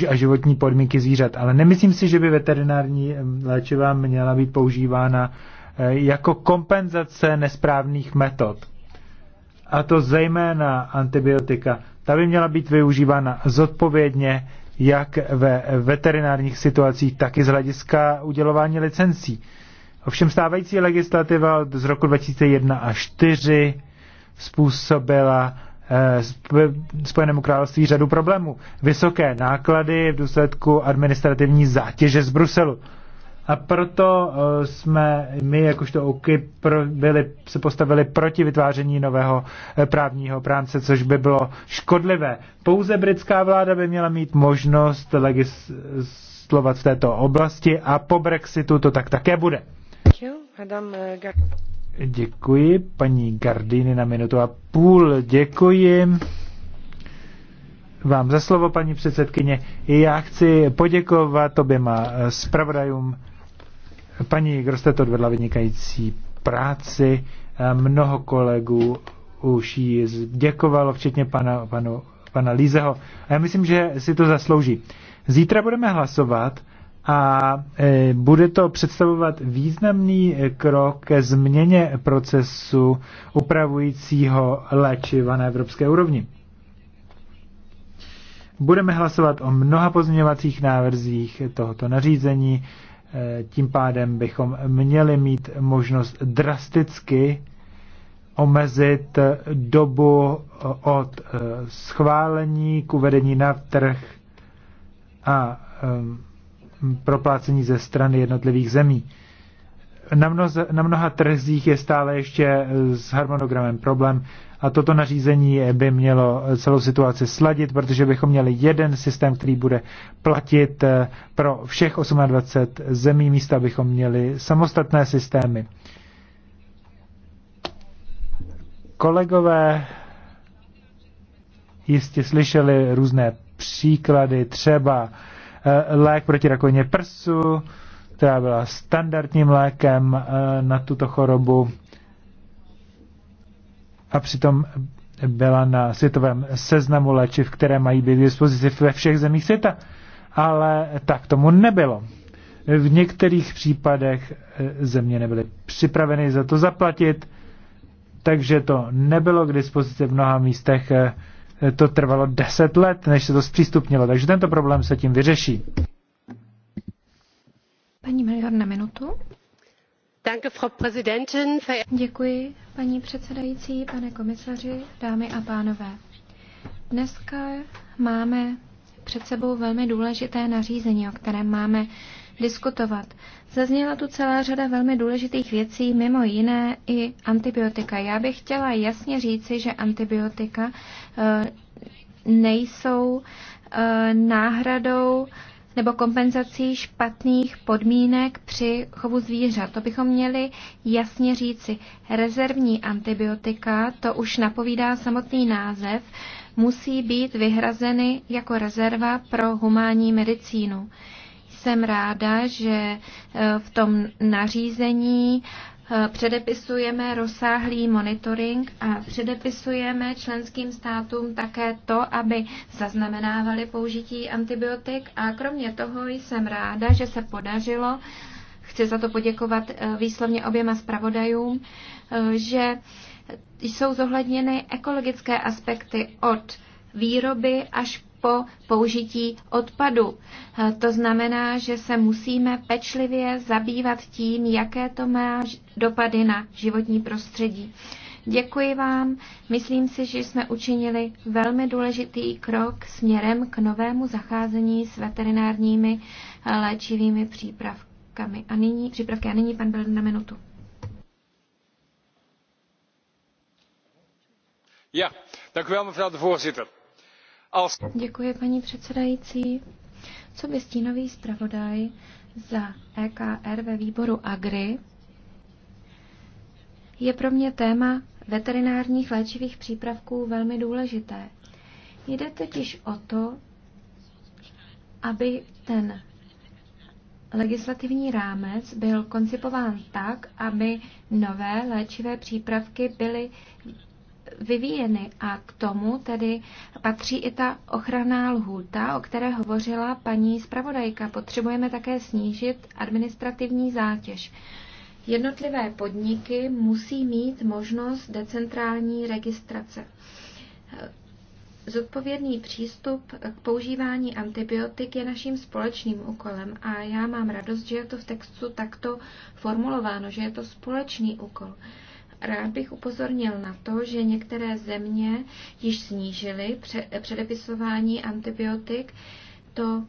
S3: eh, a životní podmínky zvířat. Ale nemyslím si, že by veterinární ehm, léčiva měla být používána jako kompenzace nesprávných metod a to zejména antibiotika, ta by měla být využívána zodpovědně jak ve veterinárních situacích, tak i z hlediska udělování licencí. Ovšem stávající legislativa z roku 2001 až 4 způsobila eh, Spojenému království řadu problémů. Vysoké náklady v důsledku administrativní zátěže z Bruselu. A proto eh, jsme my, jakožto UKIP, byli, se postavili proti vytváření nového eh, právního prámce, což by bylo škodlivé. Pouze britská vláda by měla mít možnost legislovat v této oblasti a po Brexitu to tak také bude.
S2: Eh,
S3: Děkuji, paní Gardiny na minutu a půl. Děkuji vám za slovo, paní předsedkyně. Já chci poděkovat oběma zpravodajům Paní Grostet odvedla vynikající práci. Mnoho kolegů už jí děkovalo, včetně pana, panu, pana Lízeho. A já myslím, že si to zaslouží. Zítra budeme hlasovat a e, bude to představovat významný krok ke změně procesu upravujícího léčiva na evropské úrovni. Budeme hlasovat o mnoha pozměňovacích návrzích tohoto nařízení. Eh, tím pádem bychom měli mít možnost drasticky omezit dobu eh, od eh, schválení k uvedení na trh a proplácení ze strany jednotlivých zemí na, mnoz, na mnoha trzích je stále ještě eh, s harmonogramem problém a toto nařízení by mělo eh, celou situaci sladit, protože bychom měli jeden systém, který bude platit eh, pro všech 28 zemí místa, bychom měli samostatné systémy. Kolegové jistě slyšeli různé příklady, třeba lék proti rakovině prsu, která byla standardním lékem eh, na tuto chorobu a přitom byla na světovém seznamu léčiv, které mají být v dispozici ve všech zemích světa. Ale tak tomu nebylo. V některých případech eh, země nebyly připraveny za to zaplatit, takže to nebylo k dispozici v mnoha místech. Eh, to trvalo deset let, než se to zpřístupnilo, takže tento problém se tím vyřeší.
S1: Paní Milion Děkuji, paní předsedající, pane komisaři, dámy a pánové. Dneska máme před sebou velmi důležité nařízení, o kterém máme diskutovat. Zazněla tu celá řada velmi důležitých věcí, mimo jiné i antibiotika. Já bych chtěla jasně říci, že antibiotika eh, nejsou eh, náhradou nebo kompenzací špatných podmínek při chovu zvířat. To bychom měli jasně říci. Rezervní antibiotika, to už napovídá samotný název, musí být vyhrazeny jako rezerva pro humánní medicínu. Jsem ráda, že eh, v tom nařízení Eh, předepisujeme rozsáhlý monitoring a předepisujeme členským státům také to, aby zaznamenávali použití antibiotik a kromě toho jsem ráda, že se podařilo, chci za to poděkovat eh, výslovně oběma zpravodajům, eh, že jsou zohledněny ekologické aspekty od výroby až po použití odpadu. Eh, to znamená, že se musíme pečlivě zabývat tím, jaké to má dopady na životní prostředí. Děkuji vám. Myslím si, že jsme učinili velmi důležitý krok směrem k novému zacházení s veterinárními eh, léčivými přípravkami. A nyní, přípravky. A nyní pan byl na minutu.
S4: Ja, dank u wel mevrouw de voorzitter
S1: Děkuji, paní předsedající. Co by stínový zpravodaj za EKR ve výboru Agri je pro mě téma veterinárních léčivých přípravků velmi důležité. Jde totiž o to, aby ten legislativní rámec byl koncipován tak, aby nové léčivé přípravky byly vyvíjeny a k tomu tedy patří i ta ochranná lhůta, o které hovořila paní zpravodajka. Potřebujeme také snížit administrativní zátěž. Jednotlivé podniky musí mít možnost decentrální registrace. Zodpovědný přístup k používání antibiotik je naším společným úkolem a já mám radost, že je to v textu takto formulováno, že je to společný úkol. Rád bych upozornil na to, že některé země již snížily předepisování antibiotik. To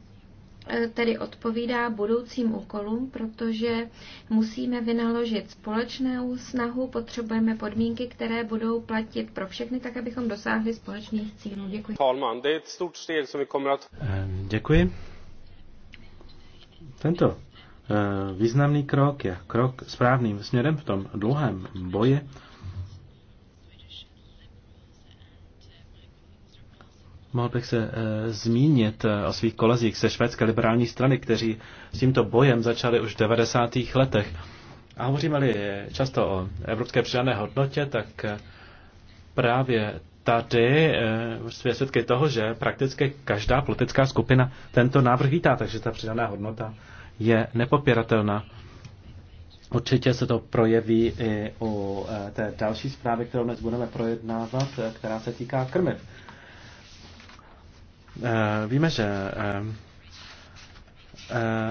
S1: e, tedy odpovídá budoucím úkolům, protože musíme vynaložit společnou snahu, potřebujeme podmínky, které budou platit pro všechny, tak abychom dosáhli společných cílů. Děkuji.
S4: Ehm, děkuji.
S2: Tento Eh, významný krok, je krok správným směrem v tom dlouhém boji. Mohl bych se e, zmínit eh, o svých kolezích ze švédské liberální strany, kteří s tímto bojem začali už v 90. letech. A hovoříme-li často o evropské přidané hodnotě, tak právě tady jsme svědky toho, že prakticky každá politická skupina tento návrh vítá, takže ta přidaná hodnota je nepopiratelná. Určitě se to projeví i u eh, té další zprávy, kterou dnes budeme projednávat, eh, která se týká krmiv. Eh, víme, že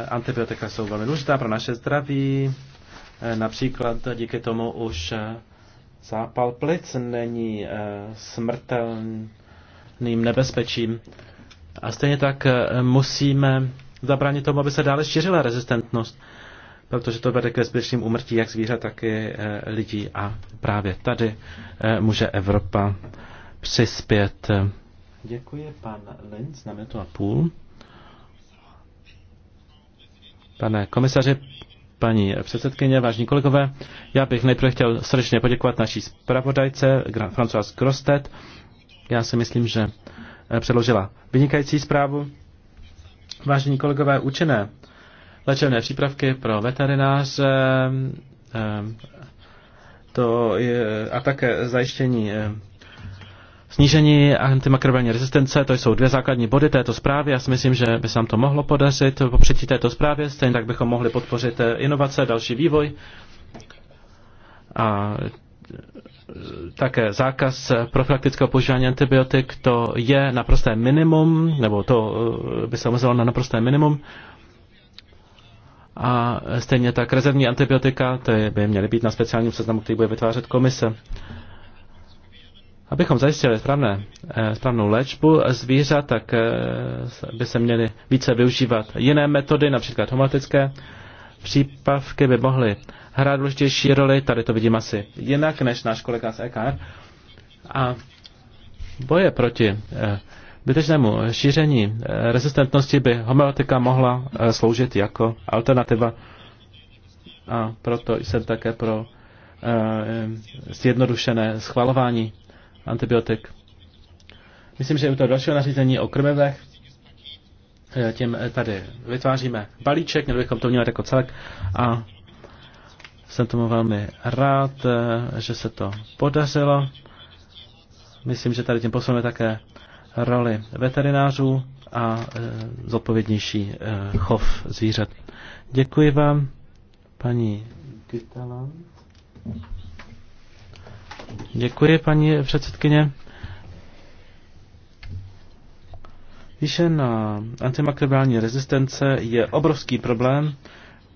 S2: antibiotika jsou velmi důležitá pro naše zdraví. Například díky tomu už zápal plic není smrtelným nebezpečím. A stejně tak musíme zabránit tomu, aby se dále šířila rezistentnost, protože to vede ke zbytečným umrtí jak zvířat, tak i eh, lidí. A právě tady eh, může Evropa přispět. Děkuji, pan Linz, na minutu a půl. Pane komisaři, paní předsedkyně, vážní kolegové, já bych nejprve chtěl srdečně poděkovat naší zpravodajce, François Grostet. Já si myslím, že eh, předložila vynikající zprávu. Vážení kolegové, učené, léčené přípravky pro veterináře ehm, to je, a také zajištění ehm, Snížení antimikrobiální rezistence, to jsou dvě základní body této zprávy. Já si myslím, že by se nám to mohlo podařit po přetí této zprávě, Stejně tak bychom mohli podpořit eh, inovace, další vývoj. A také zákaz profilaktického používání antibiotik, to je naprosté minimum, nebo to eh, by se omezilo na naprosté minimum. A stejně tak rezervní antibiotika, ty by měly být na speciálním seznamu, který bude vytvářet komise. Abychom zajistili správné, eh, správnou léčbu zvířat, tak eh, by se měly více využívat jiné metody, například homatické přípavky by mohly hrát důležitější roli, tady to vidím asi jinak než náš kolega z EKR. A boje proti eh, bytečnému šíření eh, rezistentnosti by homeotika mohla eh, sloužit jako alternativa. A proto jsem také pro zjednodušené schvalování antibiotik. Myslím, že u toho dalšího nařízení o krmivech Eh, tím eh, tady vytváříme balíček, nebo bychom to měli jako celek a jsem tomu velmi rád, eh, že se to podařilo. Myslím, že tady tím posuneme také roli veterinářů a zodpovědnější chov zvířat. Děkuji vám, paní Kytalan. Děkuji, paní předsedkyně. Výše na antimakrobiální rezistence je obrovský problém,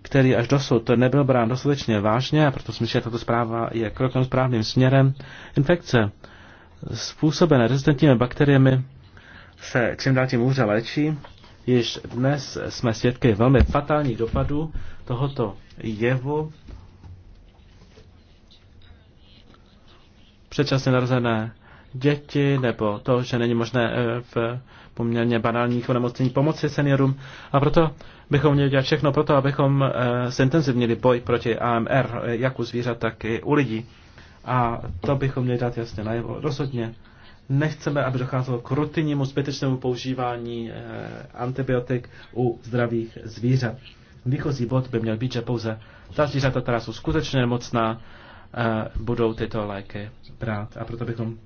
S2: který až dosud nebyl brán dostatečně vážně a proto si myslím, že tato zpráva je krokem správným směrem. Infekce způsobené rezistentními bakteriemi se čím dál tím hůře léčí. Již dnes jsme svědky velmi fatálních dopadů tohoto jevu. Předčasně narozené děti nebo to, že není možné eh, v poměrně banálních onemocnění pomoci seniorům a proto bychom měli dělat všechno proto, abychom eh, zintenzivnili boj proti AMR eh, jak u zvířat, tak i u lidí. A to bychom měli dát jasně najevo. Rozhodně nechceme, aby docházelo k rutinnímu zbytečnému používání eh, antibiotik u zdravých zvířat. Výchozí bod by měl být, že pouze ta zvířata, která jsou skutečně nemocná, budou tyto léky brát. A proto bychom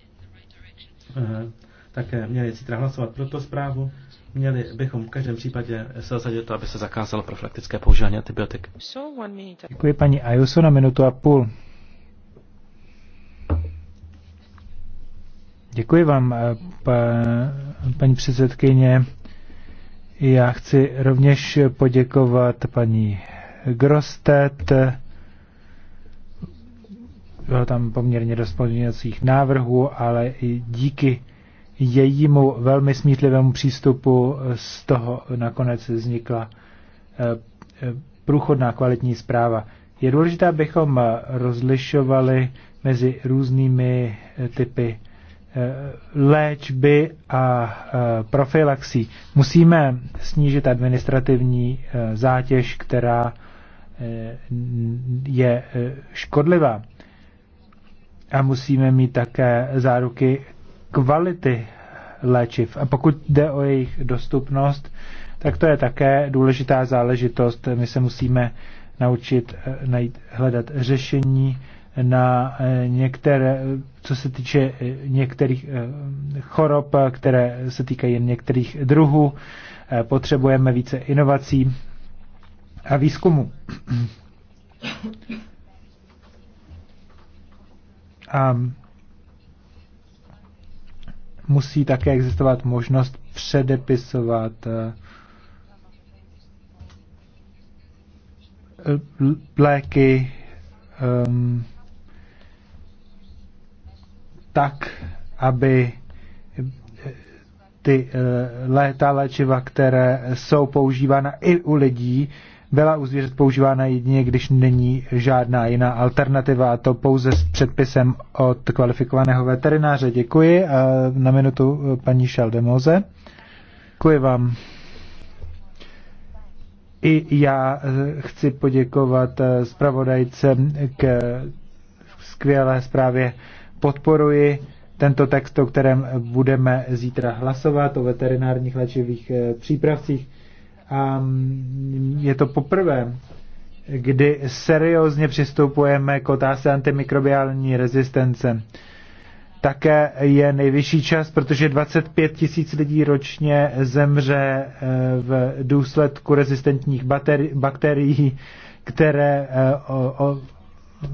S2: také měli zítra hlasovat pro tu zprávu. Měli bychom v každém případě se zasadit to, aby se zakázalo profilaktické používání antibiotik.
S3: Děkuji paní Ayuso na minutu a půl. Děkuji vám, eh, pa, paní předsedkyně. Já chci rovněž poděkovat paní Grostet. Bylo tam poměrně dost návrhů, ale i díky jejímu velmi smítlivému přístupu z toho nakonec vznikla eh, eh, průchodná kvalitní zpráva. Je důležité, abychom rozlišovali mezi různými eh, typy léčby a profilaxí. Musíme snížit administrativní zátěž, která je škodlivá. A musíme mít také záruky kvality léčiv. A pokud jde o jejich dostupnost, tak to je také důležitá záležitost. My se musíme naučit eh, najít, hledat řešení na eh, některé, co se týče eh, některých chorob, které se týkají jen některých druhů. Potřebujeme více inovací a výzkumu. A musí také existovat možnost předepisovat eh, léky um, tak, aby eh, ty eh, léta léčiva, které jsou používána i u lidí, byla u zvířat používána jedině, když není žádná jiná alternativa, a to pouze s předpisem od kvalifikovaného veterináře. Děkuji. A na minutu eh, paní Šaldemoze. Děkuji vám. I já eh, chci poděkovat eh, zpravodajce k skvělé zprávě. Podporuji tento text, o kterém budeme zítra hlasovat, o veterinárních léčivých přípravcích. A je to poprvé, kdy seriózně přistupujeme k otázce antimikrobiální rezistence. Také je nejvyšší čas, protože 25 tisíc lidí ročně zemře eh, v důsledku rezistentních bakterií, které eh,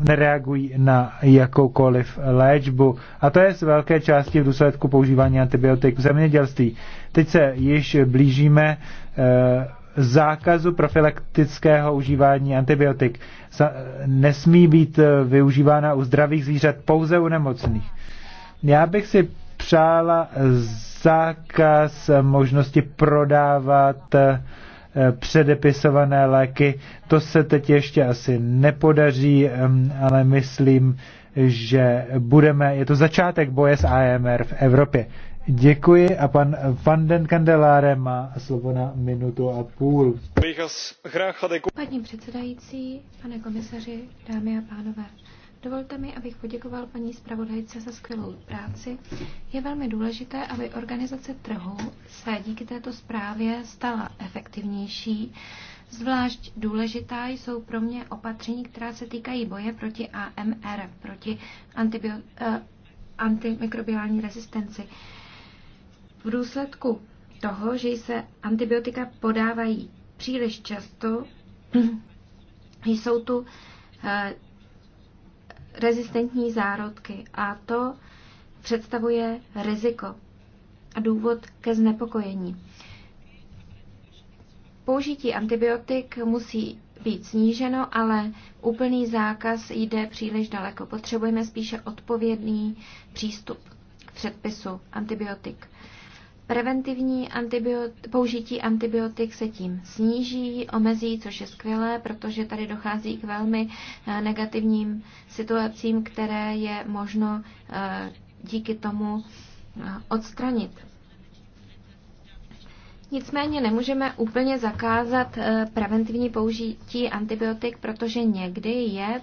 S3: nereagují na jakoukoliv léčbu. A to je z velké části v důsledku používání antibiotik v zemědělství. Teď se již blížíme Eh, zákazu profilaktického užívání antibiotik. Nesmí být eh, využívána u zdravých zvířat pouze u nemocných. Já bych si přála zákaz možnosti prodávat eh, předepisované léky. To se teď ještě asi nepodaří, ale myslím, že budeme, je to začátek boje s AMR v Evropě. Děkuji a pan Van den Kandeláre má slovo na minutu a
S4: půl.
S1: Paní předsedající, pane komisaři, dámy a pánové, dovolte mi, abych poděkoval paní zpravodajce za skvělou práci. Je velmi důležité, aby organizace trhu se díky této zprávě stala efektivnější. Zvlášť důležitá jsou pro mě opatření, která se týkají boje proti AMR, proti antibio- eh, antimikrobiální rezistenci. V důsledku toho, že se antibiotika podávají příliš často, <clears throat> jsou tu eh, rezistentní zárodky a to představuje riziko a důvod ke znepokojení. Použití antibiotik musí být sníženo, ale úplný zákaz jde příliš daleko. Potřebujeme spíše odpovědný přístup k předpisu antibiotik. Preventivní antibiot- použití antibiotik se tím sníží, omezí, což je skvělé, protože tady dochází k velmi eh, negativním situacím, které je možno eh, díky tomu eh, odstranit. Nicméně nemůžeme úplně zakázat preventivní použití antibiotik, protože někdy je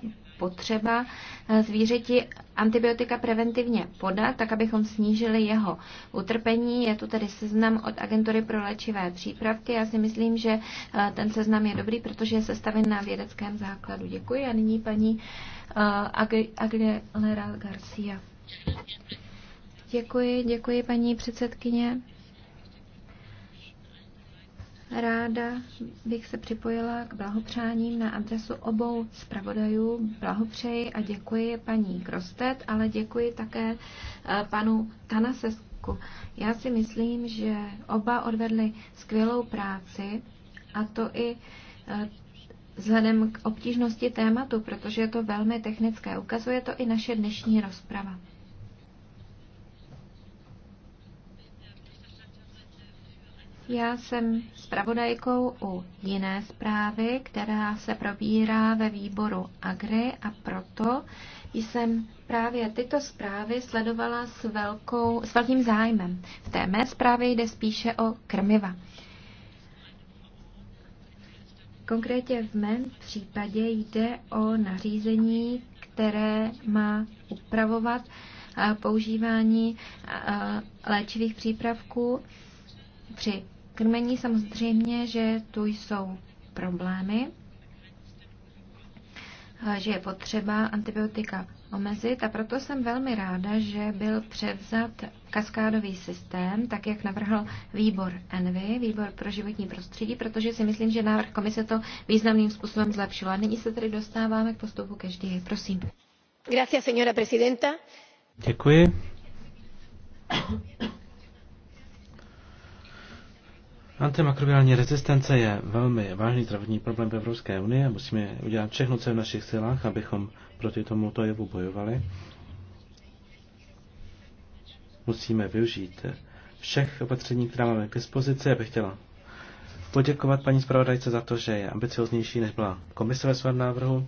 S1: potřeba eh, zvířeti antibiotika preventivně podat, tak abychom snížili jeho utrpení. Je tu tedy seznam od Agentury pro léčivé přípravky. Já si myslím, že eh, ten seznam je dobrý, protože je sestaven na vědeckém základu. Děkuji. A nyní paní eh, Aguilera Garcia. Děkuji, děkuji paní předsedkyně. Ráda bych se připojila k blahopřáním na adresu obou zpravodajů. Blahopřeji a děkuji paní Krostet, ale děkuji také eh, panu Tanasesku. Já si myslím, že oba odvedli skvělou práci a to i eh, vzhledem k obtížnosti tématu, protože je to velmi technické. Ukazuje to i naše dnešní rozprava. Já jsem zpravodajkou u jiné zprávy, která se probírá ve výboru Agri a proto jsem právě tyto zprávy sledovala s, velkou, s velkým zájmem. V té mé zprávě jde spíše o krmiva. Konkrétně v mém případě jde o nařízení, které má upravovat eh, používání eh, léčivých přípravků při krmení samozřejmě, že tu jsou problémy, že je potřeba antibiotika omezit a proto jsem velmi ráda, že byl převzat kaskádový systém, tak jak navrhl výbor ENVY, výbor pro životní prostředí, protože si myslím, že návrh komise to významným způsobem zlepšil. A nyní se tedy dostáváme k postupu každý. Prosím. Gracias, señora presidenta.
S2: Děkuji. Antimakrobiální rezistence je velmi vážný zdravotní problém v Evropské unii a musíme udělat všechno, co je v našich silách, abychom proti tomuto jevu bojovali. Musíme využít všech opatření, která máme k dispozici. Já bych chtěla poděkovat paní zpravodajce za to, že je ambicioznější, než byla komise ve svém návrhu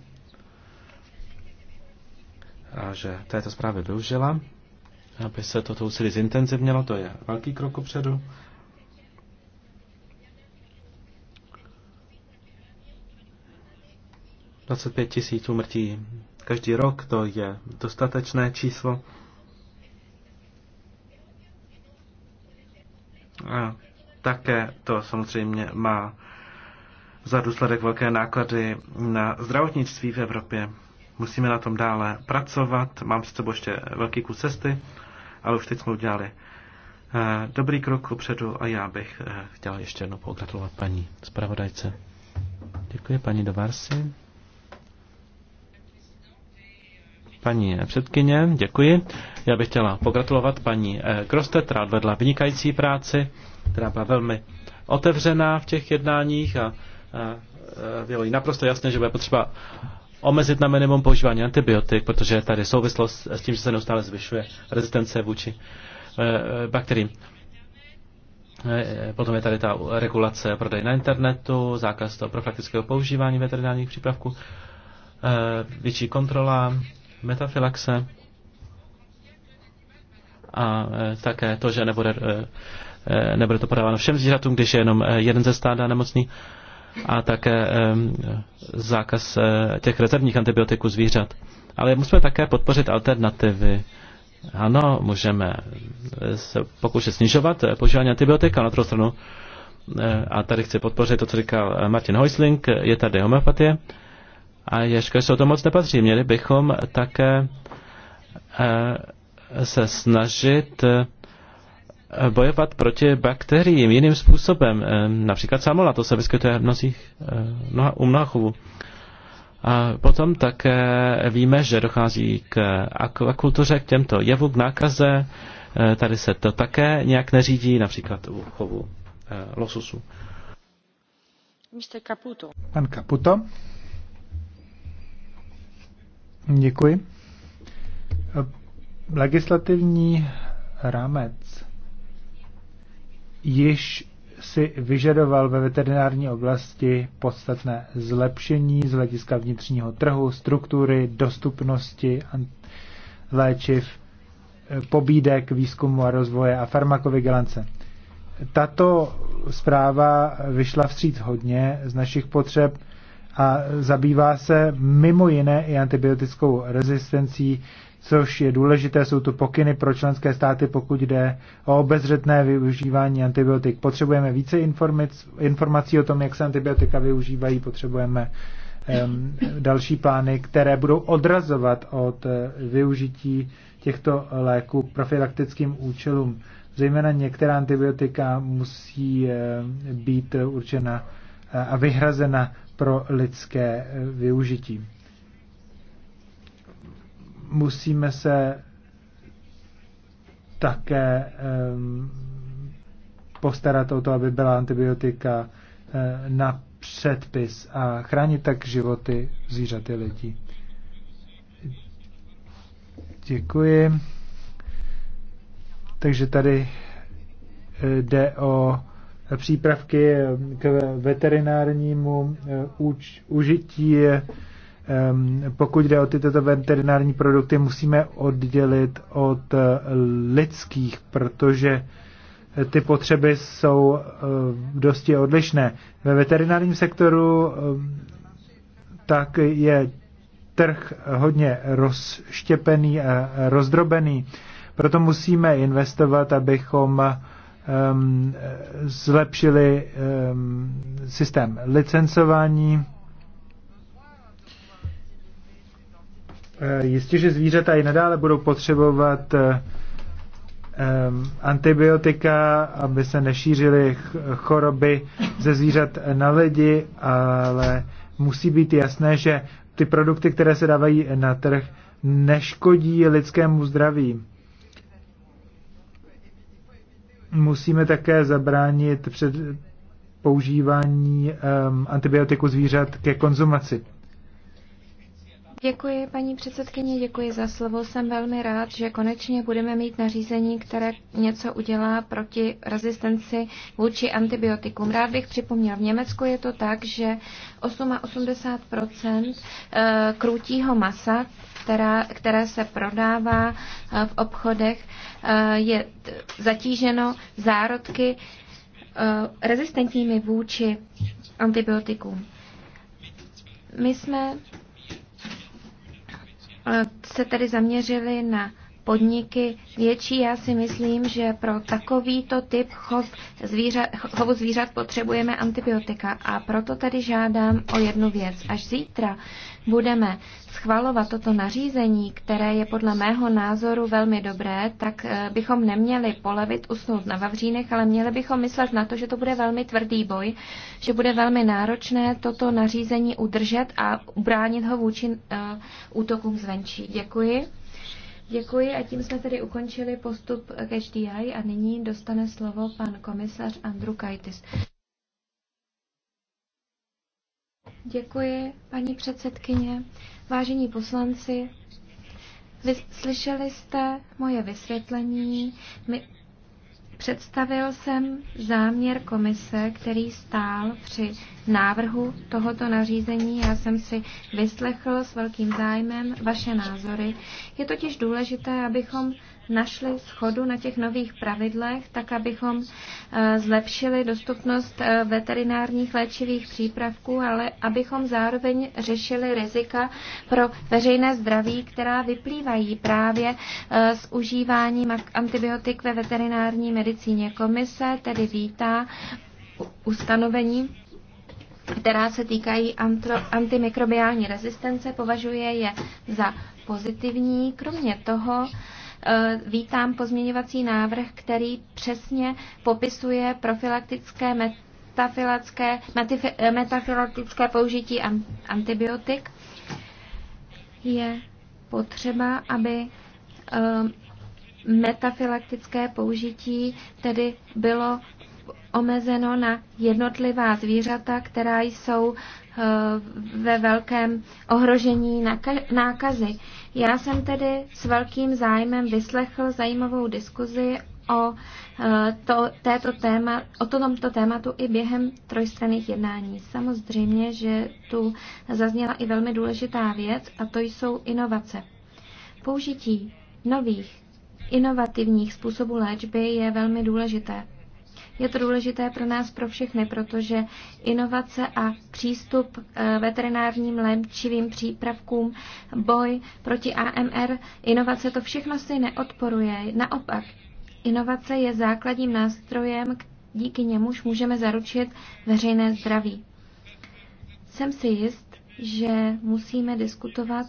S2: a že této zprávy využila, aby se toto úsilí zintenzivnělo. To je velký krok upředu. 25 tisíc úmrtí každý rok, to je dostatečné číslo. A také to samozřejmě má za důsledek velké náklady na zdravotnictví v Evropě. Musíme na tom dále pracovat. Mám s sebou ještě velký kus cesty, ale už teď jsme udělali eh, dobrý krok upředu a já bych eh, chtěl ještě jednou pogratulovat paní zpravodajce. Děkuji paní Dovarsi. Paní předkyně, děkuji. Já bych chtěla pogratulovat paní eh, Kroste, která vedla vynikající práci, která byla velmi otevřená v těch jednáních a, a eh, bylo jí naprosto jasné, že bude potřeba omezit na minimum používání antibiotik, protože tady souvislost s tím, že se neustále zvyšuje rezistence vůči eh, bakteriím. Potom je tady ta regulace prodej na internetu, zákaz toho profilaktického používání veterinárních přípravků, větší kontrola metafilaxe a e, také to, že nebude, e, e, nebude to podáváno všem zvířatům, když je jenom jeden ze stáda nemocný a také zákaz těch rezervních antibiotiků zvířat. Ale musíme také podpořit alternativy. Ano, můžeme se pokoušet snižovat používání antibiotik, ale na druhou stranu, a tady chci podpořit to, co říkal Martin Heusling, je tady homeopatie, a ještě o to moc nepatří. Měli bychom také eh, se snažit eh, bojovat proti bakteriím jiným způsobem. Eh, například samola, to se vyskytuje v nosích, mnoha, u mnoha chovů. A potom také víme, že dochází k akvakultuře, k těmto jevu, k nákaze. Tady se to také nějak neřídí, například u chovu lososu.
S3: Pan Caputo. Děkuji. E, legislativní rámec již si vyžadoval ve veterinární oblasti podstatné zlepšení z hlediska vnitřního trhu, struktury, dostupnosti léčiv, e, pobídek výzkumu a rozvoje a farmakovigilance. Tato zpráva vyšla vstříc hodně z našich potřeb a zabývá se mimo jiné i antibiotickou rezistencí, což je důležité, jsou tu pokyny pro členské státy, pokud jde o obezřetné využívání antibiotik. Potřebujeme více informací o tom, jak se antibiotika využívají, potřebujeme um, další plány, které budou odrazovat od eh, využití těchto léků profilaktickým účelům. Zejména některá antibiotika musí eh, být určena eh, a vyhrazena pro lidské eh, využití. Musíme se také ehm, postarat o to, aby byla antibiotika eh, na předpis a chránit tak životy zvířat i lidí. Děkuji. Takže tady eh, jde o přípravky k veterinárnímu uč, eh, užití. Pokud jde o tyto veterinární produkty, musíme oddělit od eh, lidských, protože eh, ty potřeby jsou dosti odlišné. Ve veterinárním sektoru tak je trh hodně rozštěpený a rozdrobený. Proto musíme investovat, abychom um, zlepšili um, systém licencování. Eh, jistě, že zvířata i nadále budou potřebovat eh, um, antibiotika, aby se nešířily choroby ze zvířat na lidi, ale musí být jasné, že ty produkty, které se dávají na trh, neškodí lidskému zdraví musíme také zabránit před používání um, antibiotiku zvířat ke konzumaci.
S1: Děkuji, paní předsedkyně, děkuji za slovo. Jsem velmi rád, že konečně budeme mít nařízení, které něco udělá proti rezistenci vůči antibiotikům. Rád bych připomněl, v Německu je to tak, že 88 eh, krutího masa která, které se prodává eh, v obchodech, eh, je zatíženo zárodky eh, rezistentními vůči antibiotikům. My jsme se tedy zaměřili na podniky větší. Já si myslím, že pro takovýto typ chov zvířat, chovu zvířat potřebujeme antibiotika a proto tady žádám o jednu věc. Až zítra budeme schvalovat toto nařízení, které je podle mého názoru velmi dobré, tak eh, bychom neměli polevit usnout na Vavřínech, ale měli bychom myslet na to, že to bude velmi tvrdý boj, že bude velmi náročné toto nařízení udržet a ubránit ho vůči uh, útokům zvenčí. Děkuji. Děkuji a tím jsme tedy ukončili postup k HDI a nyní dostane slovo pan komisař Andrew Kajtis. Děkuji, paní předsedkyně. Vážení poslanci, slyšeli jste moje vysvětlení. My, Představil jsem záměr komise, který stál při návrhu tohoto nařízení. Já jsem si vyslechl s velkým zájmem vaše názory. Je totiž důležité, abychom našli schodu na těch nových pravidlech, tak abychom eh, zlepšili dostupnost eh, veterinárních léčivých přípravků, ale abychom zároveň řešili rizika pro veřejné zdraví, která vyplývají právě eh, z užívání antibiotik ve veterinární medicíně. Komise tedy vítá ustanovení která se týkají antro, antimikrobiální rezistence, považuje je za pozitivní. Kromě toho Eh, vítám pozměňovací návrh, který přesně popisuje profilaktické metafilacké, eh, metafilatické použití antibiotik. Je potřeba, aby eh, metafilaktické použití tedy bylo omezeno na jednotlivá zvířata, která jsou Eh, ve velkém ohrožení nákazy. Já jsem tedy s velkým zájmem vyslechl zajímavou diskuzi o, eh, to, této téma, o tomto tématu i během trojstranných jednání. Samozřejmě, že tu zazněla i velmi důležitá věc a to jsou inovace. Použití nových inovativních způsobů léčby je velmi důležité. Je to důležité pro nás, pro všechny, protože inovace a přístup eh, veterinárním léčivým přípravkům, boj proti AMR, inovace to všechno si neodporuje. Naopak, inovace je základním nástrojem, díky němuž můžeme zaručit veřejné zdraví. Jsem si jist, že musíme diskutovat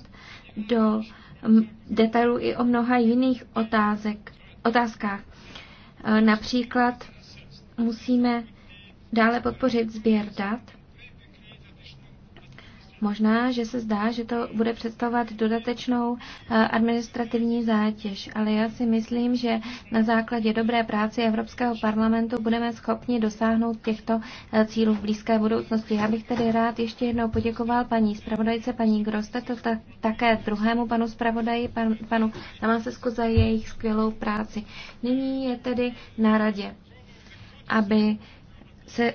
S1: do mm, detailů i o mnoha jiných otázek, otázkách. Eh, například musíme dále podpořit sběr dat. Možná, že se zdá, že to bude představovat dodatečnou eh, administrativní zátěž, ale já si myslím, že na základě dobré práce Evropského parlamentu budeme schopni dosáhnout těchto eh, cílů v blízké budoucnosti. Já bych tedy rád ještě jednou poděkoval paní zpravodajce, paní Groste, to ta, také druhému panu zpravodaji, pan, panu Tamasesku za jejich skvělou práci. Nyní je tedy na radě aby se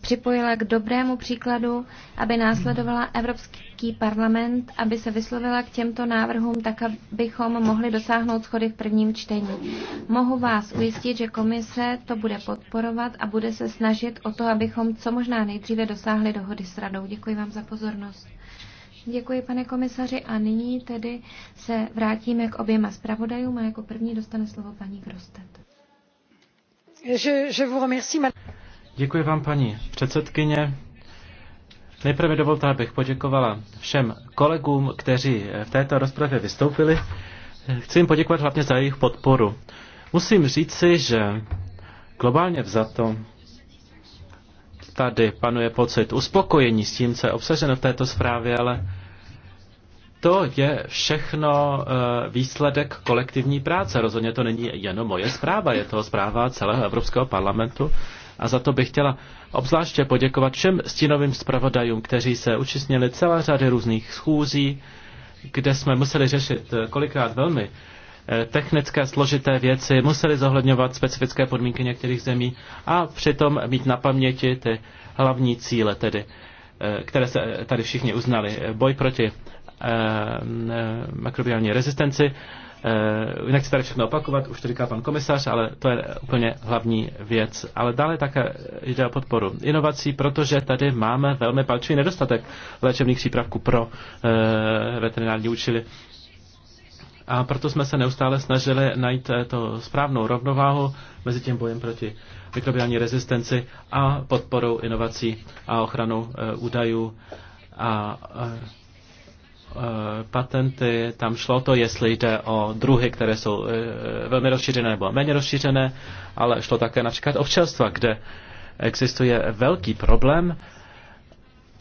S1: připojila k dobrému příkladu, aby následovala Evropský parlament, aby se vyslovila k těmto návrhům tak, abychom mohli dosáhnout schody v prvním čtení. Mohu vás ujistit, že komise to bude podporovat a bude se snažit o to, abychom co možná nejdříve dosáhli dohody s radou. Děkuji vám za pozornost. Děkuji, pane komisaři. A nyní tedy se vrátíme k oběma zpravodajům a jako první dostane slovo paní Grostet.
S2: Děkuji vám, paní předsedkyně. Nejprve dovolte, abych poděkovala všem kolegům, kteří v této rozpravě vystoupili. Chci jim poděkovat hlavně za jejich podporu. Musím říci, že globálně vzato tady panuje pocit uspokojení s tím, co je obsaženo v této zprávě, ale to je všechno eh, výsledek kolektivní práce. Rozhodně to není jenom moje zpráva, je to zpráva celého Evropského parlamentu a za to bych chtěla obzvláště poděkovat všem stínovým zpravodajům, kteří se účastnili celé řady různých schůzí, kde jsme museli řešit eh, kolikrát velmi eh, technické složité věci, museli zohledňovat specifické podmínky některých zemí a přitom mít na paměti ty hlavní cíle, tedy, které se tady všichni uznali. Boj proti Eh, makrobiální rezistenci. Eh, Nechci tady všechno opakovat, už to říkal pan komisař, ale to je úplně hlavní věc. Ale dále také jde o podporu inovací, protože tady máme velmi palčivý nedostatek léčebných přípravků pro eh, veterinární účely. A proto jsme se neustále snažili najít to správnou rovnováhu mezi tím bojem proti mikrobiální rezistenci a podporou inovací a ochranou údajů a Eh, patenty, tam šlo to, jestli jde o druhy, které jsou eh, velmi rozšířené nebo méně rozšířené, ale šlo také například občanstva, kde existuje velký problém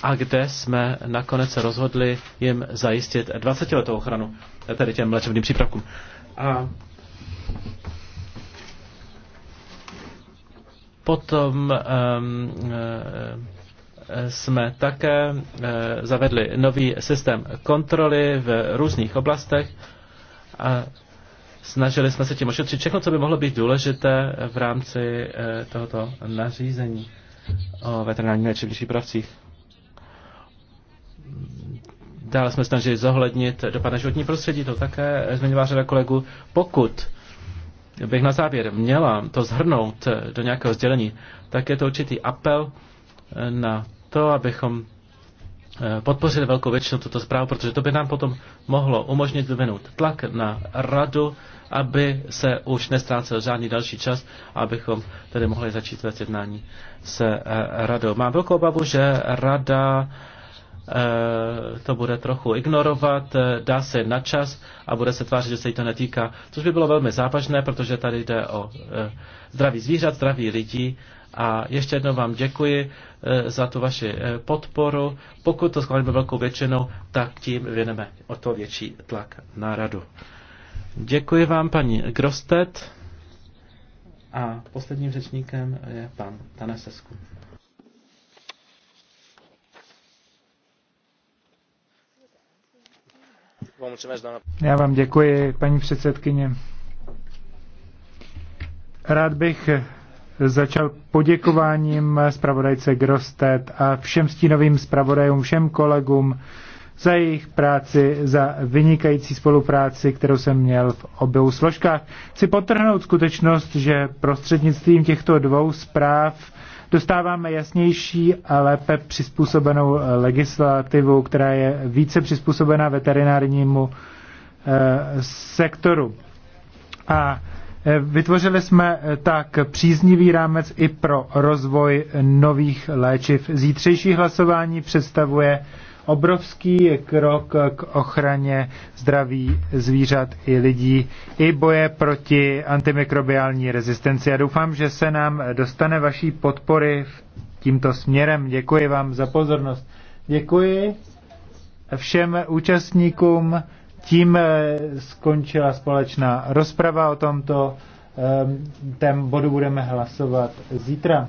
S2: a kde jsme nakonec se rozhodli jim zajistit 20 letou ochranu, tedy těm léčebným přípravkům. A potom um, jsme také eh, zavedli nový systém kontroly v různých oblastech a snažili jsme se tím ošetřit všechno, co by mohlo být důležité v rámci eh, tohoto nařízení o veterinárních léčivých přípravcích. Dále jsme snažili zohlednit dopad na životní prostředí, to také zmiňovala řada kolegů. Pokud bych na závěr měla to zhrnout do nějakého sdělení, tak je to určitý apel na to, abychom eh, podpořili velkou většinu tuto zprávu, protože to by nám potom mohlo umožnit vyvinout tlak na radu, aby se už nestrácel žádný další čas, abychom tedy mohli začít ve jednání s eh, radou. Mám velkou obavu, že rada eh, to bude trochu ignorovat, dá se na čas a bude se tvářit, že se jí to netýká, což by bylo velmi závažné, protože tady jde o zdraví zvířat, zdraví lidí a ještě jednou vám děkuji eh, za tu vaši eh, podporu. Pokud to schválíme velkou většinou, tak tím věneme o to větší tlak na radu. Děkuji vám, paní Grostet. A posledním řečníkem je pan Tanesesku.
S3: Já vám děkuji, paní předsedkyně. Rád bych začal poděkováním zpravodajce Grostet a všem stínovým zpravodajům, všem kolegům za jejich práci, za vynikající spolupráci, kterou jsem měl v obou složkách. Chci potrhnout skutečnost, že prostřednictvím těchto dvou zpráv dostáváme jasnější a lépe přizpůsobenou legislativu, která je více přizpůsobena veterinárnímu eh, sektoru. A Vytvořili jsme eh, tak příznivý rámec i pro rozvoj nových léčiv. Zítřejší hlasování představuje obrovský krok k ochraně zdraví zvířat i lidí, i boje proti antimikrobiální rezistenci. Já doufám, že se nám dostane vaší podpory v tímto směrem. Děkuji vám za pozornost. Děkuji všem účastníkům. Tím eh, skončila společná rozprava o tomto. Eh, Ten bodu budeme hlasovat zítra.